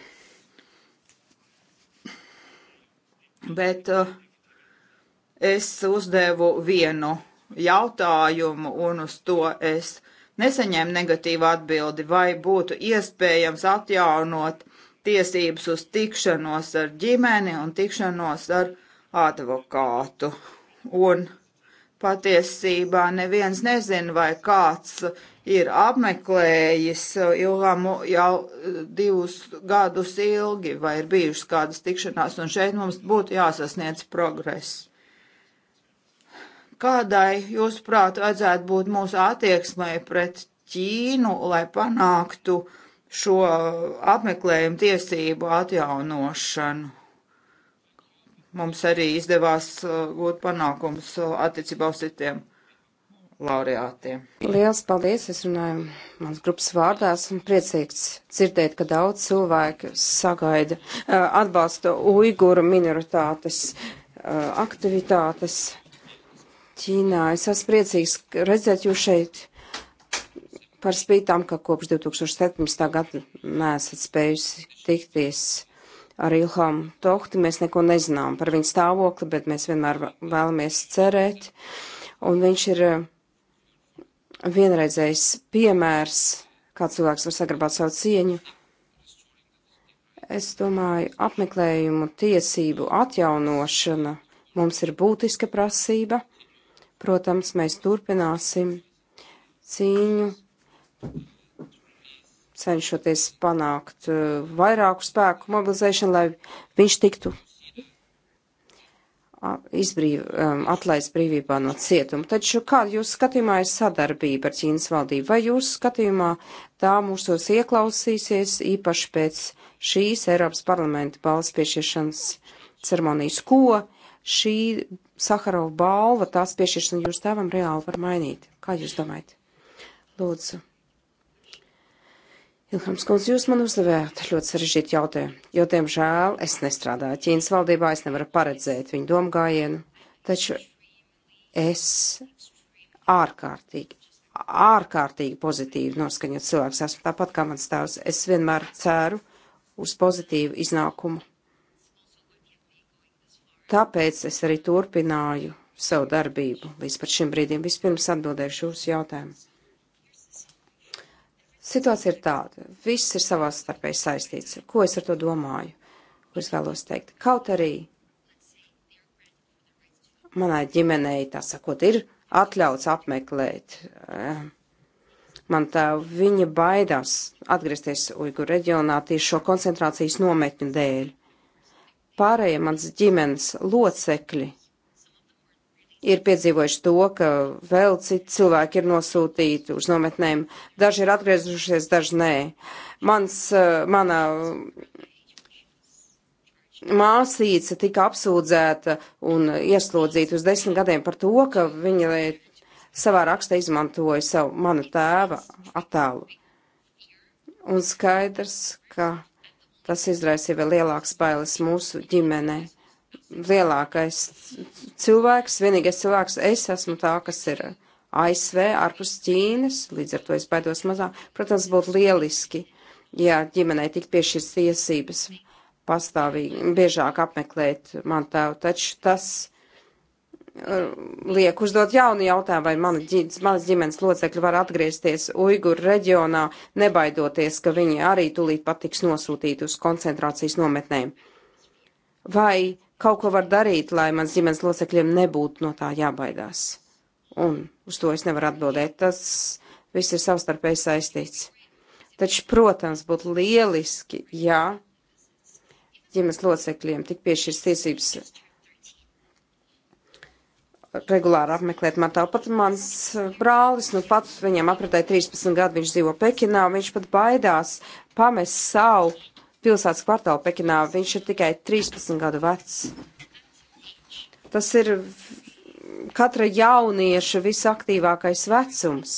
bet eh, es uzdevu vienu jautājumu un uz to es nesaņēmu negatīvu atbildi, vai būtu iespējams atjaunot tiesības uz tikšanos ar ģimeni un tikšanos ar advokātu. Un patiesībā neviens nezina, vai kāds ir apmeklējis uh, Ilhamu jau uh, divus gadus ilgi, vai ir bijušas kādas tikšanās, un šeit mums būtu jāsasniedz progress. Kādai, jūsuprāt, vajadzētu būt mūsu attieksmai pret Ķīnu, lai panāktu šo apmeklējumu tiesību atjaunošanu? Mums arī izdevās uh, gūt panākumus attiecībā uz citiem laureātiem. Liels paldies! Es runāju manas grupas vārdās un priecīgs dzirdēt, ka daudz cilvēku sagaida atbalsta uiguru minoritātes aktivitātes Ķīnā. Es esmu priecīgs redzēt jūs šeit par spītām, ka kopš 2017. gada nesat spējusi tikties ar Ilham Tohti. Mēs neko nezinām par viņu stāvokli, bet mēs vienmēr vēlamies cerēt. Un viņš ir uh, vienreizējs piemērs, kā cilvēks var saglabāt savu cieņu. Es domāju, apmeklējumu tiesību atjaunošana mums ir būtiska prasība. Protams, mēs turpināsim cīņu, cenšoties panākt uh, vairāku spēku mobilizēšanu, lai viņš tiktu izbrīv, um, atlaist brīvībā no cietuma. Taču kāda jūsu skatījumā ir sadarbība ar Ķīnas valdību? Vai jūsu skatījumā tā mūsos ieklausīsies īpaši pēc šīs Eiropas parlamenta balvas piešķiršanas ceremonijas? Ko šī Saharova balva, tās piešķiršana jūsu tēvam reāli var mainīt? Kā jūs domājat? Lūdzu. Ilhams Kunz, jūs man uzdevāt ļoti sarežģītu jautājumu, jo, diemžēl, es nestrādāju Ķīnas valdībā, es nevaru paredzēt viņu domgājienu, taču es ārkārtīgi, ārkārtīgi pozitīvi noskaņot cilvēks esmu, tāpat kā mans tēvs. Es vienmēr ceru uz pozitīvu iznākumu. Tāpēc es arī turpināju savu darbību līdz pat šim brīdim. Vispirms atbildēšu jūsu jautājumu. Situācija ir tāda. Viss ir savā starpēji saistīts. Ko es ar to domāju? Ko es vēlos teikt? Kaut arī manai ģimenei, tā sakot, ir atļauts apmeklēt. Eh, man tā viņa baidās atgriezties Uigu reģionā tieši šo koncentrācijas nometņu dēļ. Pārējie mans ģimenes locekļi ir piedzīvojuši to, ka vēl citi cilvēki ir nosūtīti uz nometnēm. Daži ir atgriezušies, daži nē. Mans, eh, mana māsīca tika apsūdzēta un ieslodzīta uz desmit gadiem par to, ka viņa savā rakstā izmantoja savu mana tēva attēlu. Un skaidrs, ka tas izraisīja vēl lielākas bailes mūsu ģimenei lielākais cilvēks, vienīgais cilvēks, es esmu tā, kas ir ASV, ārpus Ķīnas, līdz ar to es baidos mazāk. Protams, būtu lieliski, ja ģimenei tik pie šīs tiesības pastāvīgi biežāk apmeklēt man tevu, taču tas uh, liek uzdot jaunu jautājumu, vai mana, manas ģimenes locekļi var atgriezties Uiguru reģionā, nebaidoties, ka viņi arī tūlīt patiks nosūtīti uz koncentrācijas nometnēm. Vai kaut ko var darīt, lai mans ģimenes locekļiem nebūtu no tā jābaidās. Un uz to es nevaru atbildēt. Tas viss ir savstarpēji saistīts. Taču, protams, būtu lieliski, ja ģimenes locekļiem tik piešķirs tiesības regulāri apmeklēt man tāpat mans brālis, nu pat viņam apritēja 13 gadu, viņš dzīvo Pekinā, un viņš pat baidās pamest savu pilsētas kvartālu Pekinā. Viņš ir tikai 13 gadu vecs. Tas ir katra jaunieša visaktīvākais vecums.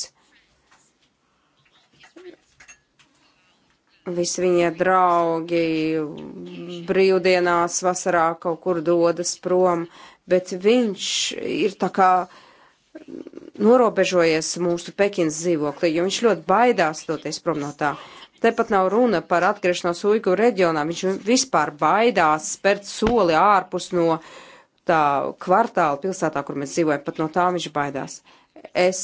Visi viņa draugi brīvdienās vasarā kaut kur dodas prom, bet viņš ir tā kā norobežojies mūsu Pekinas dzīvoklī, jo viņš ļoti baidās doties prom no tā. Uh, Tepat nav runa par atgriešanos Uigu reģionā. Viņš vispār baidās spērt soli ārpus no tā kvartāla pilsētā, kur mēs dzīvojam. Pat no tā viņš baidās. Es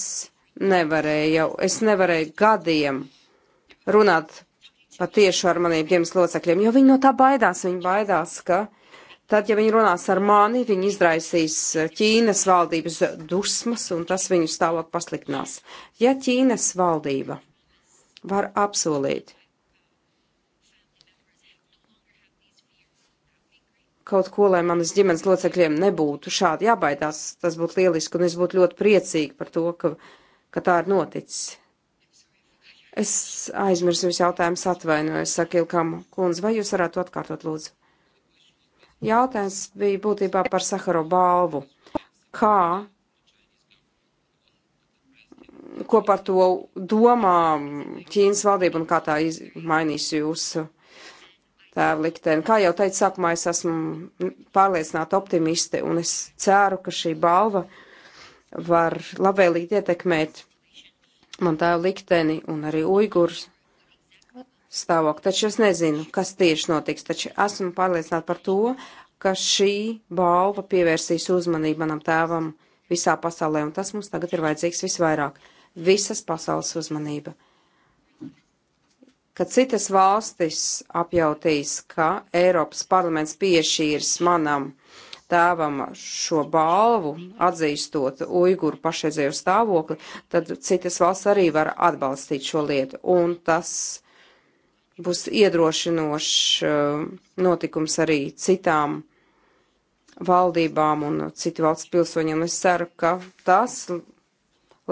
nevarēju, es nevarēju gadiem runāt patieši ar maniem ģimenes locekļiem, jo viņi no tā baidās. Viņi baidās, ka tad, ja viņi runās ar mani, viņi izraisīs Ķīnas valdības dusmas un tas viņu stāvot pasliktinās. Ja Ķīnas valdība var apsolīt. Kaut ko, lai manas ģimenes locekļiem nebūtu šādi jābaidās, tas būtu lieliski, un es būtu ļoti priecīgi par to, ka, ka tā ir noticis. Es aizmirsu jūs jautājumu, atvainojos, saka Ilkam Kunz, vai jūs varētu atkārtot lūdzu? Jautājums bija būtībā par Saharo balvu. Kā ko par to domā Ķīnas valdība un kā tā iz, mainīs jūsu tēvu likteni. Kā jau teicu, sākumā es esmu pārliecināta optimiste un es ceru, ka šī balva var labvēlīgi ietekmēt man tēvu likteni un arī uigurs stāvokli. Taču es nezinu, kas tieši notiks, taču esmu pārliecināta par to, ka šī balva pievērsīs uzmanību manam tēvam visā pasaulē, un tas mums tagad ir vajadzīgs visvairāk visas pasaules uzmanība. Kad citas valstis apjautīs, ka Eiropas parlaments piešķīrs manam tēvam šo balvu, atzīstot uiguru pašreizējo stāvokli, tad citas valsts arī var atbalstīt šo lietu. Un tas būs iedrošinošs uh, notikums arī citām valdībām un citu valsts pilsoņiem. Es ceru, ka tas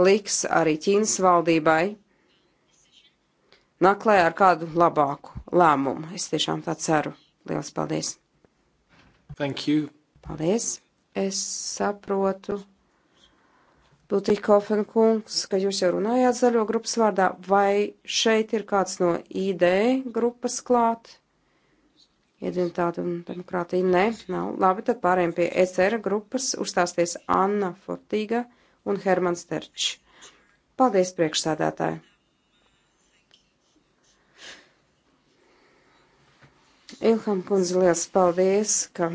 liks arī Ķīnas valdībai naklē ar kādu labāku lēmumu. Es tiešām tā ceru. Lielas paldies! Thank you! Paldies! Es saprotu, Lutīkofen kungs, ka jūs jau runājāt zaļo grupas vārdā, vai šeit ir kāds no ID grupas klāt? Iedimtāti un demokrātija? Nē, nav. Labi, tad pārējiem pie ECR grupas uzstāsties Anna Fortīga un Hermans Terčs. Paldies, priekšsādātāji! Ilham kundze, liels paldies, ka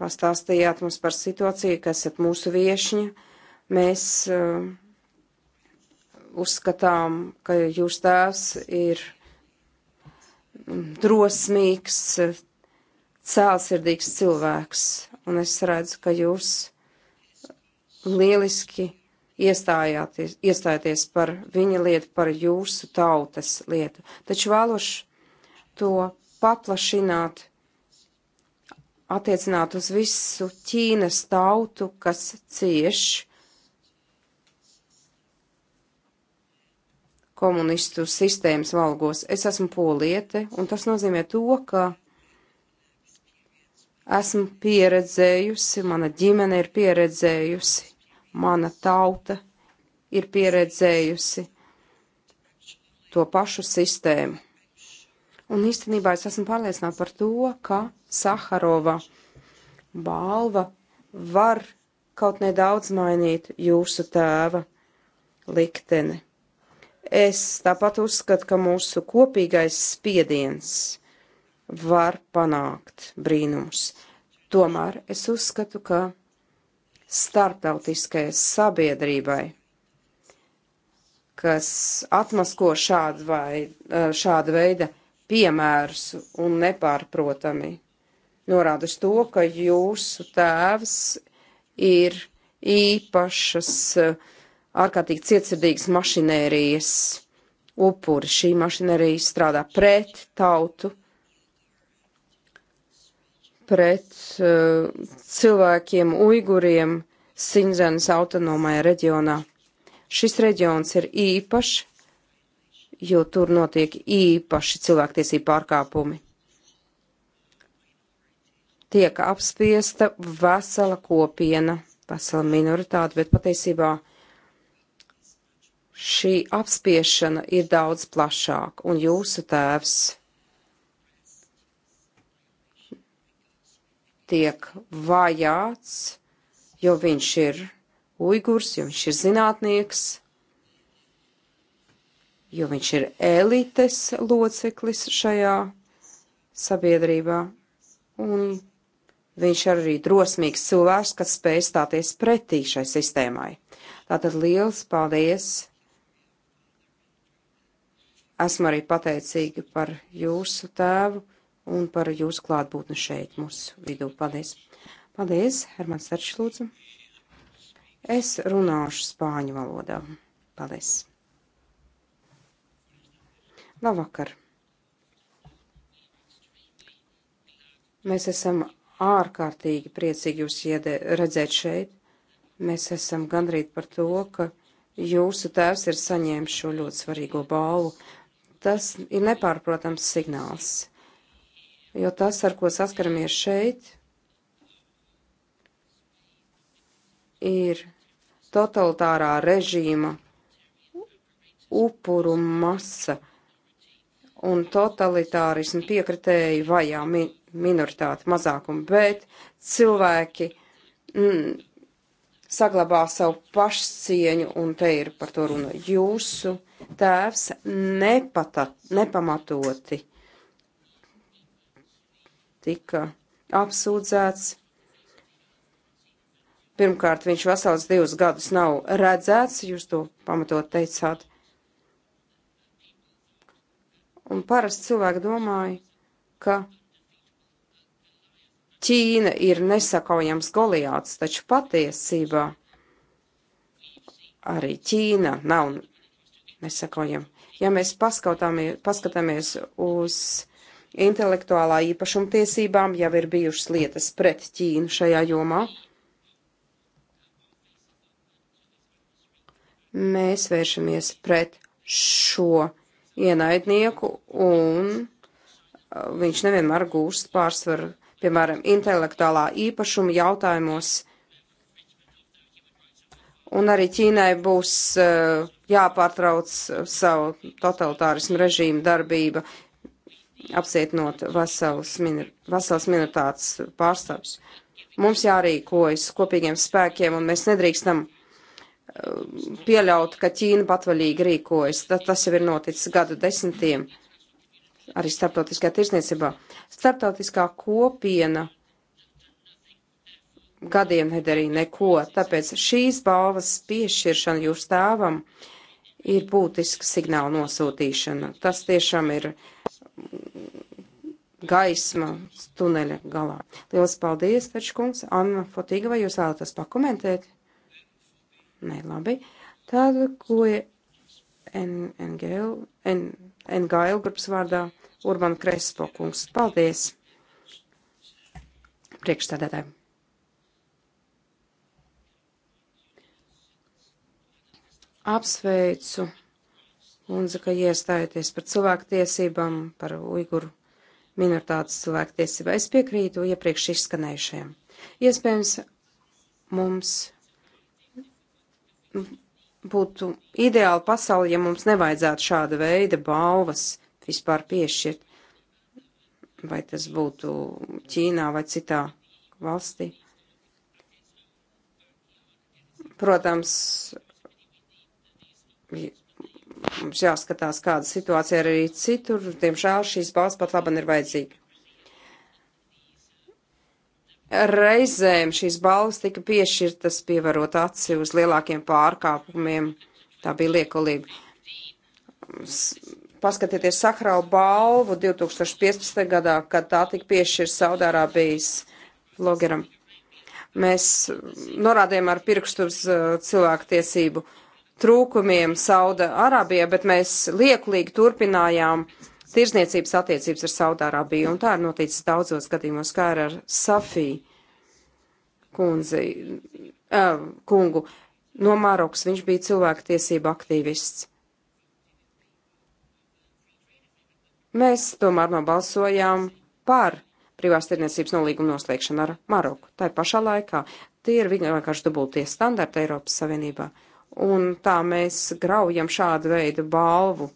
pastāstījāt mums par situāciju, ka esat mūsu viešņa. Mēs uh, uzskatām, ka jūs tēvs ir mm, drosmīgs, cēlsirdīgs cilvēks, un es redzu, ka jūs lieliski iestājāties, iestājāties par viņa lietu, par jūsu tautas lietu. Taču vēlos to paplašināt, attiecināt uz visu Ķīnas tautu, kas cieš komunistu sistēmas valgos. Es esmu poliete, un tas nozīmē to, ka esmu pieredzējusi, mana ģimene ir pieredzējusi, mana tauta ir pieredzējusi to pašu sistēmu. Un īstenībā es esmu pārliecināta par to, ka Saharova balva var kaut nedaudz mainīt jūsu tēva likteni. Es tāpat uzskatu, ka mūsu kopīgais spiediens var panākt brīnums. Tomēr es uzskatu, ka starptautiskajai sabiedrībai, kas atmasko šādu, vai, eh, šādu veidu piemērus un nepārprotami norāda uz to, ka jūsu tēvs ir īpašas, eh, ārkārtīgi cietsirdīgas mašinērijas upuri. Šī mašinērija strādā pret tautu pret uh, cilvēkiem uiguriem Sinzenas autonomajā reģionā. Šis reģions ir īpašs, jo tur notiek īpaši cilvēktiesību pārkāpumi. Tiek apspiesta vesela kopiena, vesela minoritāte, bet patiesībā šī apspiešana ir daudz plašāka, un jūsu tēvs tiek vajāts, jo viņš ir uigurs, jo viņš ir zinātnieks, jo viņš ir elites loceklis šajā sabiedrībā. Un viņš ir arī drosmīgs cilvēks, kas spēj stāties pretī šai sistēmai. Tātad liels paldies! Esmu arī pateicīga par jūsu tēvu un par jūsu klātbūtni šeit mūsu vidū. Paldies! Paldies, Hermans Terčs, lūdzu. Es runāšu spāņu valodā. Paldies! Labvakar! Mēs esam ārkārtīgi priecīgi jūs iede, redzēt šeit. Mēs esam gandrīt par to, ka jūsu tēvs ir saņēmis šo ļoti svarīgo balvu. Tas ir nepārprotams signāls jo tas, ar ko saskaramies šeit, ir totalitārā režīma upuru masa un totalitārismu piekritēji vajā mi minoritāti mazākumu, bet cilvēki mm, saglabā savu pašcieņu, un te ir par to runa. Jūsu tēvs nepata, nepamatoti tika apsūdzēts. Pirmkārt, viņš vesels divus gadus nav redzēts, jūs to pamatot teicāt. Un parasti cilvēki domāja, ka Ķīna ir nesakaujams goliāts, taču patiesībā arī Ķīna nav nesakaujama. Ja mēs paskatāmies uz intelektuālā īpašuma tiesībām jau ir bijušas lietas pret Ķīnu šajā jomā. Mēs vēršamies pret šo ienaidnieku un uh, viņš nevienmēr gūst pārsvaru, piemēram, intelektuālā īpašuma jautājumos. Un arī Ķīnai būs uh, jāpārtrauc uh, savu totalitārismu režīmu darbība, apcietinot vesels minor, minoritātes pārstāvjus. Mums jārīkojas kopīgiem spēkiem, un mēs nedrīkstam um, pieļaut, ka Ķīna patvaļīgi rīkojas. Tas jau ir noticis gadu desmitiem arī starptautiskajā tirsniecībā. Starptautiskā kopiena gadiem nedarīja neko, tāpēc šīs balvas piešķiršana jūsu tēvam ir būtiska signāla nosūtīšana. Tas tiešām ir gaisma tuneļa galā. Lielas paldies, Tečkungs. Anna Fotīga, vai jūs vēlaties pakomentēt? Nē, labi. Tad, ko NGL, NGL grupas vārdā Urban Krespo kungs. Paldies. Priekšstādātāji. Apsveicu Lūdzu, ka iestājoties par cilvēktiesībām, par uiguru minoritātes cilvēktiesībā. Es piekrītu iepriekš izskanējušajiem. Iespējams, mums būtu ideāli pasauli, ja mums nevajadzētu šāda veida balvas vispār piešķirt. Vai tas būtu Ķīnā vai citā valstī. Protams, mums jāskatās, kāda situācija ir arī citur. Diemžēl šīs balsts pat laban ir vajadzīga. Reizēm šīs balvas tika piešķirtas pievarot aci uz lielākiem pārkāpumiem. Tā bija liekulība. Paskatieties Sahrau balvu 2015. gadā, kad tā tika piešķirta Saudārābijas blogeram. Mēs norādījām ar pirkstu uz cilvēku tiesību uh, trūkumiem Sauda Arābijā, bet mēs lieklīgi turpinājām tirzniecības attiecības ar Saudārābiju, un tā ir noticis daudzos gadījumos, kā ir ar Safiju kundzi, uh, kungu no Marokas. Viņš bija cilvēktiesība aktīvists. Mēs tomēr nobalsojām par privās tirniecības nolīgumu noslēgšanu ar Maroku. Tā ir pašā laikā. Tie ir vienkārši dubultie standarti Eiropas Savienībā. Uh, un tā mēs graujam šādu veidu balvu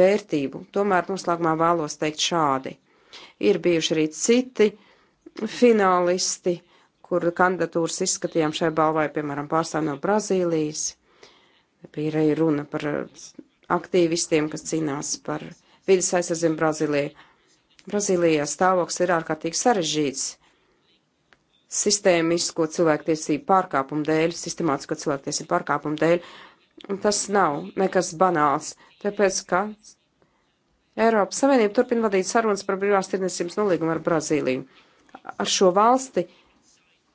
vērtību. Tomēr noslēgumā vēlos teikt šādi. Ir bijuši arī citi finālisti, kur kandidatūras izskatījām šai balvai, piemēram, pārstāv no Brazīlijas. Bija arī runa par aktīvistiem, kas cīnās par vidas aizsardzību Brazīlijā. Brazīlijā stāvoklis ir ārkārtīgi sarežģīts sistēmisko cilvēktiesību pārkāpumu dēļ, sistemātisko cilvēktiesību pārkāpumu dēļ. Tas nav nekas banāls, tāpēc, ka Eiropas Savienība turpina vadīt sarunas par brīvās tirnesības nolīgumu ar Brazīliju, ar šo valsti,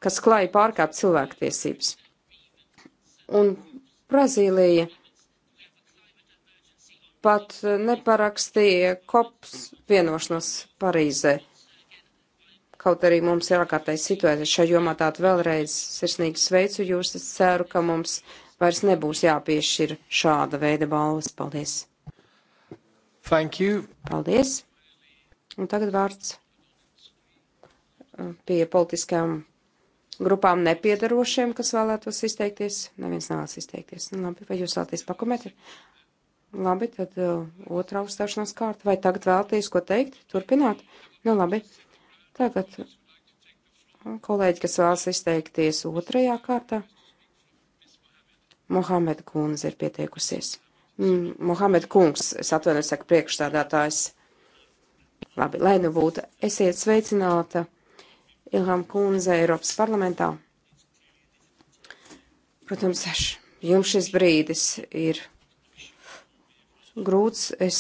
kas klāja pārkāpt cilvēktiesības. Un Brazīlija pat neparakstīja kops vienošanos Parīzē kaut arī mums ir ārkārtēji situēta šajā jomā, tātad vēlreiz sirsnīgi sveicu jūs, es ceru, ka mums vairs nebūs jāpiešķir šāda veida balvas. Paldies! Thank you! Paldies! Un tagad vārds uh, pie politiskajām grupām nepiedarošiem, kas vēlētos izteikties. Neviens nevēlas izteikties. Nu, labi, vai jūs vēlaties pakomentēt? Labi, tad uh, otrā uzstāšanās kārta. Vai tagad vēlaties ko teikt? Turpināt? Nu, labi. Tagad mm, kolēģi, kas vēlas izteikties otrajā kārtā, Mohamed Kūns ir pieteikusies. Mm, Mohamed Kungs, es atvainojos, saka priekšstādātājs. Labi, lai nu būtu, esiet sveicināta Ilham Kunze Eiropas parlamentā. Protams, jums šis brīdis ir grūts. Es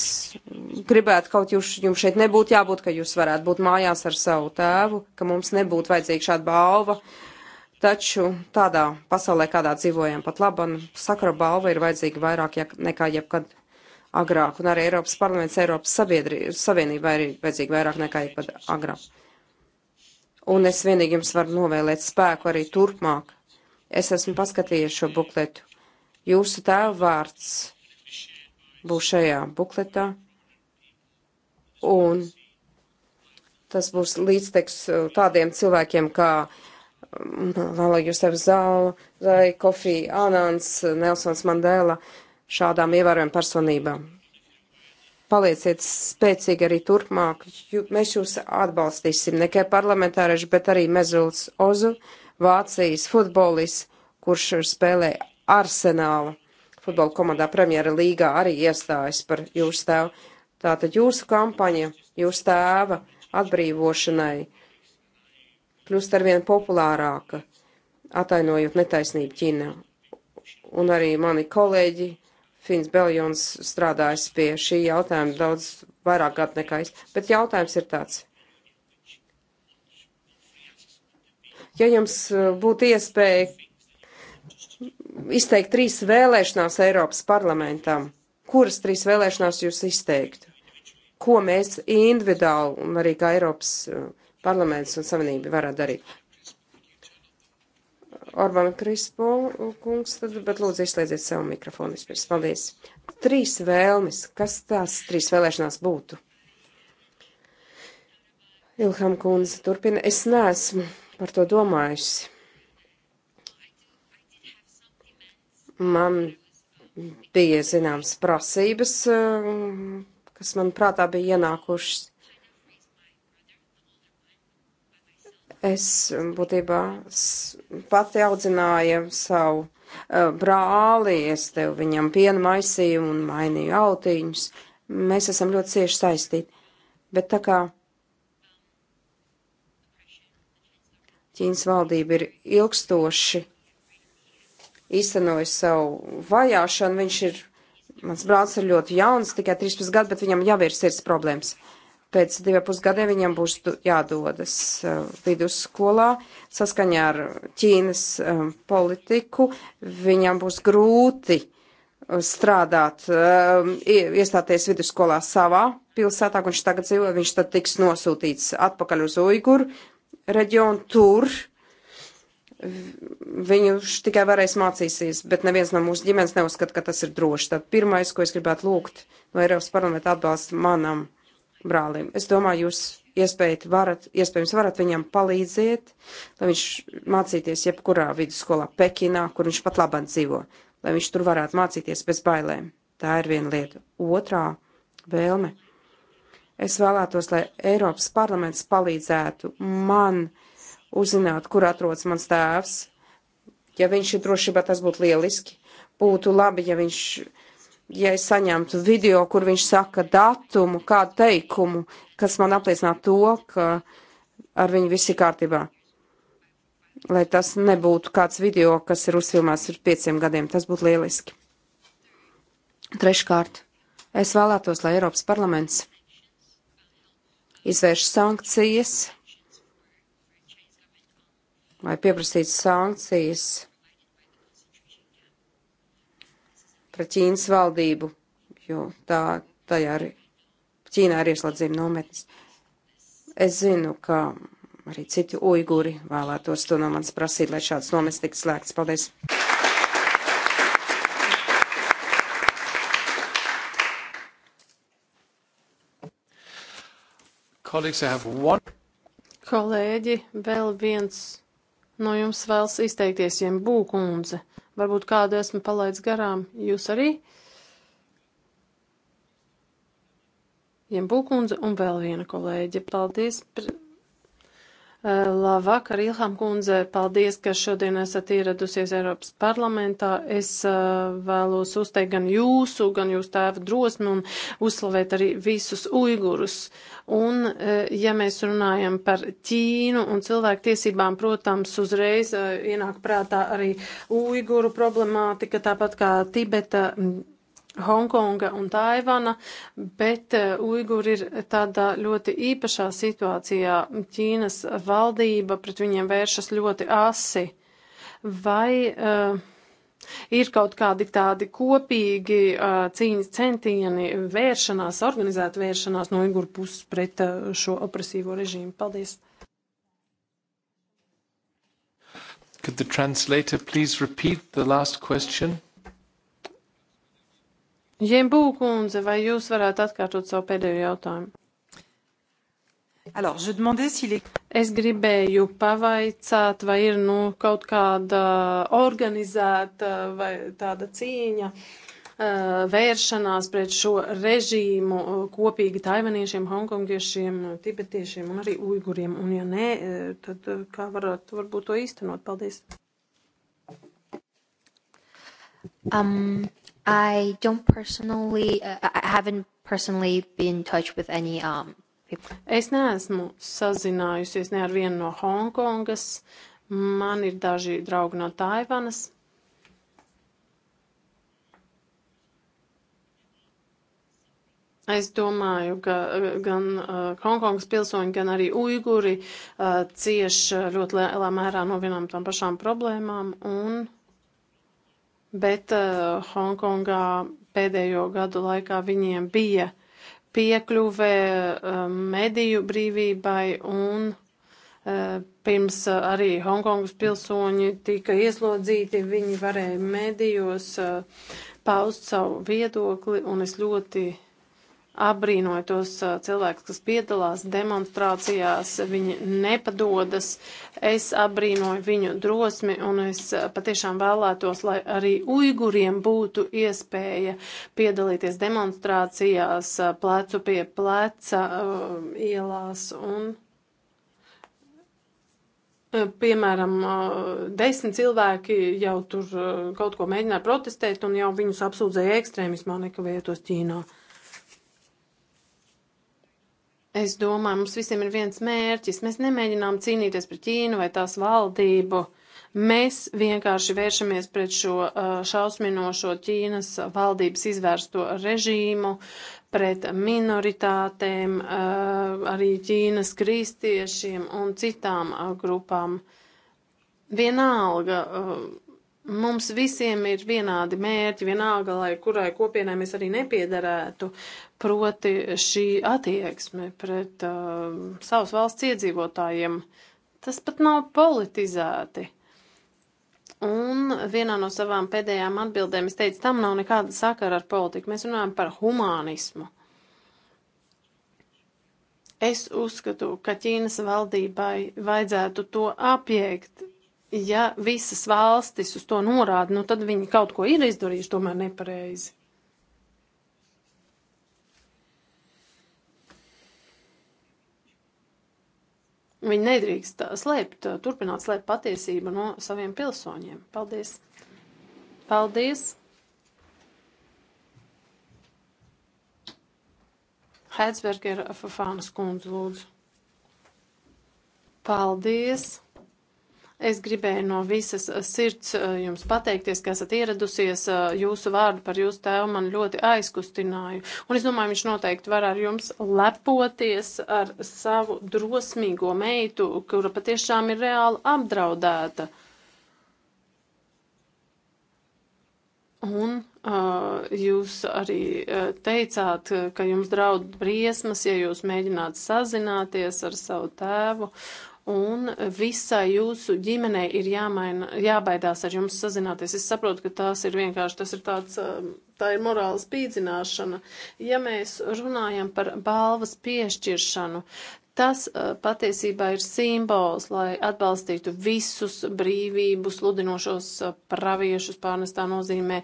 gribētu kaut jūs, jums šeit nebūtu jābūt, ka jūs varētu būt mājās ar savu tēvu, ka mums nebūtu vajadzīga šāda balva. Taču tādā pasaulē, kādā dzīvojam pat laban, sakra balva ir vajadzīga vairāk jak, nekā jebkad agrāk, un arī Eiropas parlaments, Eiropas Savienība ir vajadzīga vairāk nekā jebkad agrāk. Un es vienīgi jums varu novēlēt spēku arī turpmāk. Es esmu paskatījies šo bukletu. Jūsu tēva vārds būs šajā bukletā. Un tas būs līdzteks uh, tādiem cilvēkiem kā um, Lala Jusef Zāla, Zai Kofi Anans, Nelsons Mandela, šādām ievērojam personībām. Palieciet spēcīgi arī turpmāk, jo mēs jūs atbalstīsim ne tikai parlamentārieši, bet arī Mezuls Ozu, Vācijas futbolis, kurš spēlē arsenālu futbola komandā Premjera līgā arī iestājas par jūsu tēvu. Tātad jūsu kampaņa, jūsu tēva atbrīvošanai kļūst arvien populārāka, atainojot netaisnību Ķīnā. Un arī mani kolēģi Fins Beljons strādājas pie šī jautājuma daudz vairāk gadu nekā es. Bet jautājums ir tāds. Ja jums uh, būtu iespēja izteikt trīs vēlēšanās Eiropas parlamentam. Kuras trīs vēlēšanās jūs izteiktu? Ko mēs individuāli un arī kā Eiropas uh, parlaments un savienība varētu darīt? Orbán Krispo uh, kungs, tad, bet lūdzu izslēdziet savu mikrofonu vispirms. Paldies. Trīs vēlmes. Kas tās trīs vēlēšanās būtu? Ilham kundze turpina. Es neesmu par to domājusi. Man bija zināmas prasības, um, kas man prātā bija ienākušas. Es būtībā pati audzināju savu uh, brāli, es tev viņam pienu maisīju un mainīju autiņus. Mēs esam ļoti cieši saistīti. Bet tā kā Ķīnas valdība ir ilgstoši īstenojis savu vajāšanu. Viņš ir, mans brālis ir ļoti jauns, tikai 13 gadu, bet viņam jau ir sirds problēmas. Pēc diviem pusgadiem viņam būs jādodas uh, vidusskolā saskaņā ar Ķīnas um, politiku. Viņam būs grūti uh, strādāt, um, iestāties vidusskolā savā pilsētā, kurš tagad dzīvo, viņš tad tiks nosūtīts atpakaļ uz Uiguru reģionu tur Viņu tikai varēs mācīsies, bet neviens no mūsu ģimenes neuzskata, ka tas ir droši. Tad pirmais, ko es gribētu lūgt no Eiropas parlamenta atbalsta manam brālim. Es domāju, jūs iespējams varat, iespējams varat viņam palīdzēt, lai viņš mācīties jebkurā vidusskolā Pekinā, kur viņš pat labāk dzīvo, lai viņš tur varētu mācīties bez bailēm. Tā ir viena lieta. Otrā vēlme. Es vēlētos, lai Eiropas parlaments palīdzētu man uzzināt, kur atrodas mans tēvs. Ja viņš ir drošībā, tas būtu lieliski. Būtu labi, ja viņš, ja es saņemtu video, kur viņš saka datumu, kādu teikumu, kas man apliecinātu to, ka ar viņu viss ir kārtībā. Lai tas nebūtu kāds video, kas ir uzfilmēts pirms pieciem gadiem, tas būtu lieliski. Treškārt, es vēlētos, lai Eiropas parlaments izvērš sankcijas lai pieprasītu sankcijas pret Ķīnas valdību, jo tā, tajā arī Ķīnā ir ieslodzījuma nometnes. Es zinu, ka arī citi uiguri vēlētos to no manis prasīt, lai šāds nometnes tiktu slēgts. Paldies! Kolēģi, vēl viens no jums vēlas izteikties, ja būkundze. Varbūt kādu esmu palaidis garām, jūs arī? Jembūkundze un vēl viena kolēģe. Paldies! Pr Eh, labvakar, Ilham kundze, paldies, ka šodien esat ieradusies Eiropas parlamentā. Es uh, vēlos uzteikt gan jūsu, gan jūsu tēva drosmi un uzslavēt arī visus uigurus. Un, uh, ja mēs runājam par Ķīnu un cilvēktiesībām, protams, uzreiz uh, ienāk prātā arī uiguru problemātika, tāpat kā Tibeta. M, Hongkonga un Taivana, bet eh, Uiguri ir tādā ļoti īpašā situācijā. Ķīnas valdība pret viņiem vēršas ļoti asi. Vai uh, ir kaut kādi tādi kopīgi uh, eh, cīņas centieni vēršanās, organizēt vēršanās no Uiguru puses pret uh, šo opresīvo režīmu? Paldies! Could the translator please repeat the last question? Jembū kundze, vai jūs varētu atkārtot savu pēdējo jautājumu? Alors, je demandais s'il est... Es gribēju pavaicāt, vai ir nu, kaut kāda organizēta vai tāda cīņa, eh, vēršanās pret šo režīmu eh, kopīgi taivaniešiem, hongkongiešiem, tibetiešiem un arī uiguriem. Un ja nē, eh, tad kā varētu varbūt to īstenot? Paldies! Um, I don't personally, uh, I haven't personally been in touch with any um, people. Es neesmu sazinājusies ne ar vienu no Hongkongas. Man ir daži draugi no Taivanas. Es domāju, ka gan uh, Hongkongas pilsoņi, gan arī uiguri uh, cieš ļoti lielā mērā no vienām tām pašām problēmām un bet uh, Hongkongā pēdējo gadu laikā viņiem bija piekļuve uh, mediju brīvībai un uh, pirms uh, arī Hongkongas pilsoņi tika ieslodzīti, viņi varēja medijos uh, paust savu viedokli un es ļoti Abrīnoju tos cilvēkus, kas piedalās demonstrācijās, viņi nepadodas. Es abrīnoju viņu drosmi un es patiešām vēlētos, lai arī uiguriem būtu iespēja piedalīties demonstrācijās plecu pie pleca ielās un piemēram, desmit cilvēki jau tur kaut ko mēģināja protestēt un jau viņus apsūdzēja ekstrēmismā nekavietos Ķīnā. Es domāju, mums visiem ir viens mērķis. Mēs nemēģinām cīnīties pret Ķīnu vai tās valdību. Mēs vienkārši vēršamies pret šo uh, šausminošo Ķīnas valdības izvērsto režīmu, pret minoritātēm, uh, arī Ķīnas kristiešiem un citām uh, grupām. Vienalga, mums visiem ir vienādi mērķi, vienalga, lai kurai kopienai mēs arī nepiedarētu, proti šī attieksme pret uh, savas valsts iedzīvotājiem, tas pat nav politizēti. Un vienā no savām pēdējām atbildēm es teicu, tam nav nekāda sakara ar politiku. Mēs runājam par humānismu. Es uzskatu, ka Ķīnas valdībai vajadzētu to apiekt. Ja visas valstis uz to norāda, nu tad viņi kaut ko ir izdarījuši, tomēr nepareizi. Viņi nedrīkst uh, slēpt, uh, turpināt slēpt patiesību no saviem pilsoņiem. Paldies! Paldies! Heidsberger Fafānas kundze lūdzu. Paldies! Es gribēju no visas sirds uh, jums pateikties, ka esat ieradusies. Uh, jūsu vārdu par jūsu tēvu man ļoti aizkustināja. Un es domāju, viņš noteikti var ar jums lepoties ar savu drosmīgo meitu, kura patiešām ir reāli apdraudēta. Un uh, jūs arī uh, teicāt, ka jums draud briesmas, ja jūs mēģināt sazināties ar savu tēvu. Uh, un visai jūsu ģimenei ir jāmaina, jābaidās ar jums sazināties. Es saprotu, ka tās ir vienkārši, tas ir tāds, um, tā ir morāla spīdzināšana. Ja mēs runājam par balvas piešķiršanu, tas uh, patiesībā ir simbols, lai atbalstītu visus brīvību sludinošos uh, praviešus pārnestā nozīmē,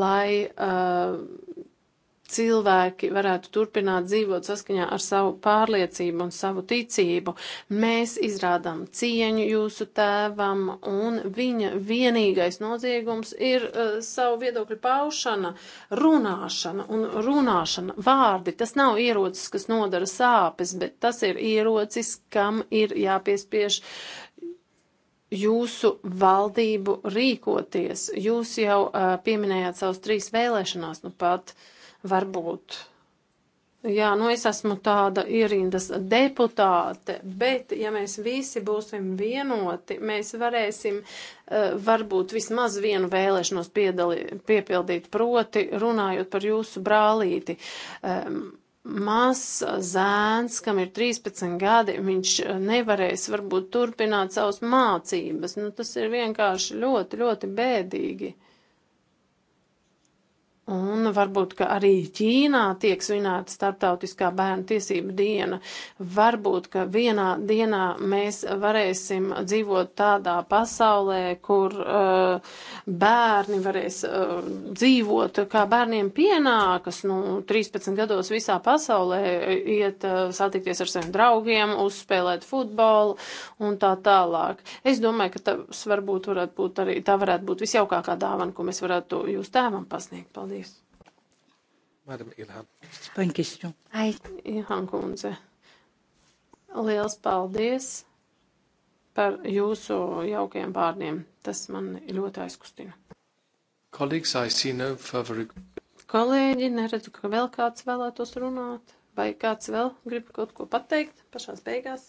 lai. Uh, cilvēki varētu turpināt dzīvot saskaņā ar savu pārliecību un savu ticību. Mēs izrādām cieņu jūsu tēvam, un viņa vienīgais noziegums ir uh, savu viedokļu paušana, runāšana un runāšana, vārdi. Tas nav ierocis, kas nodara sāpes, bet tas ir ierocis, kam ir jāpiespiež jūsu valdību rīkoties. Jūs jau uh, pieminējāt savus trīs vēlēšanās, nu pat uh, Varbūt. Jā, nu es esmu tāda ierindas deputāte, bet ja mēs visi būsim vienoti, mēs varēsim eh, varbūt vismaz vienu vēlēšanos piedalī, piepildīt, proti runājot par jūsu brālīti. Mazs zēns, kam ir 13 gadi, viņš nevarēs varbūt turpināt savas mācības. Nu, tas ir vienkārši ļoti, ļoti bēdīgi. Un varbūt, ka arī Ķīnā tiek svinēta starptautiskā bērnu tiesība diena. Varbūt, ka vienā dienā mēs varēsim dzīvot tādā pasaulē, kur uh, bērni varēs uh, dzīvot, kā bērniem pienākas. Nu, 13 gados visā pasaulē iet uh, satikties ar saviem draugiem, uzspēlēt futbolu un tā tālāk. Es domāju, ka tas varbūt varētu būt arī, tā varētu būt visjaukākā dāvana, ko mēs varētu jūs tēvam pasniegt. Paldies! Madam Ilhan. Ai, Ilhan kundze. Liels paldies par jūsu jaukajiem vārdiem. Tas man ļoti aizkustina. Kolēģis, I see no further. Kolēģi, neredzu, ka vēl kāds vēlētos runāt. Vai kāds vēl grib kaut ko pateikt pašās beigās?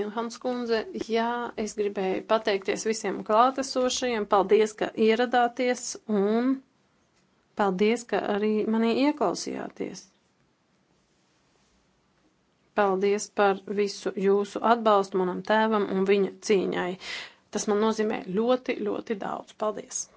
Ilhams kundze, jā, es gribēju pateikties visiem klātesošajiem. Paldies, ka ieradāties un Paldies, ka arī manī ieklausījāties. Paldies par visu jūsu atbalstu manam tēvam un viņa cīņai. Tas man nozīmē ļoti, ļoti daudz. Paldies!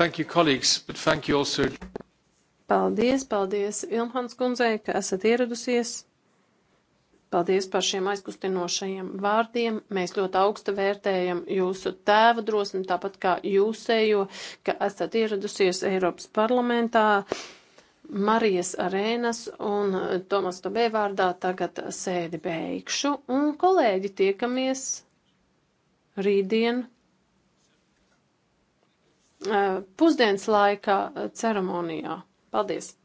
Thank you, colleagues, but thank you also. Paldies, paldies Ilmhans kundzei, ka esat ieradusies. Paldies par šiem aizkustinošajiem vārdiem. Mēs ļoti augstu vērtējam jūsu tēva drosmi, tāpat kā jūsējo, ka esat ieradusies Eiropas parlamentā. Marijas arēnas un Tomas Tobē vārdā tagad sēdi beigšu, un kolēģi tiekamies rītdien eh, pusdienas laikā ceremonijā. Paldies!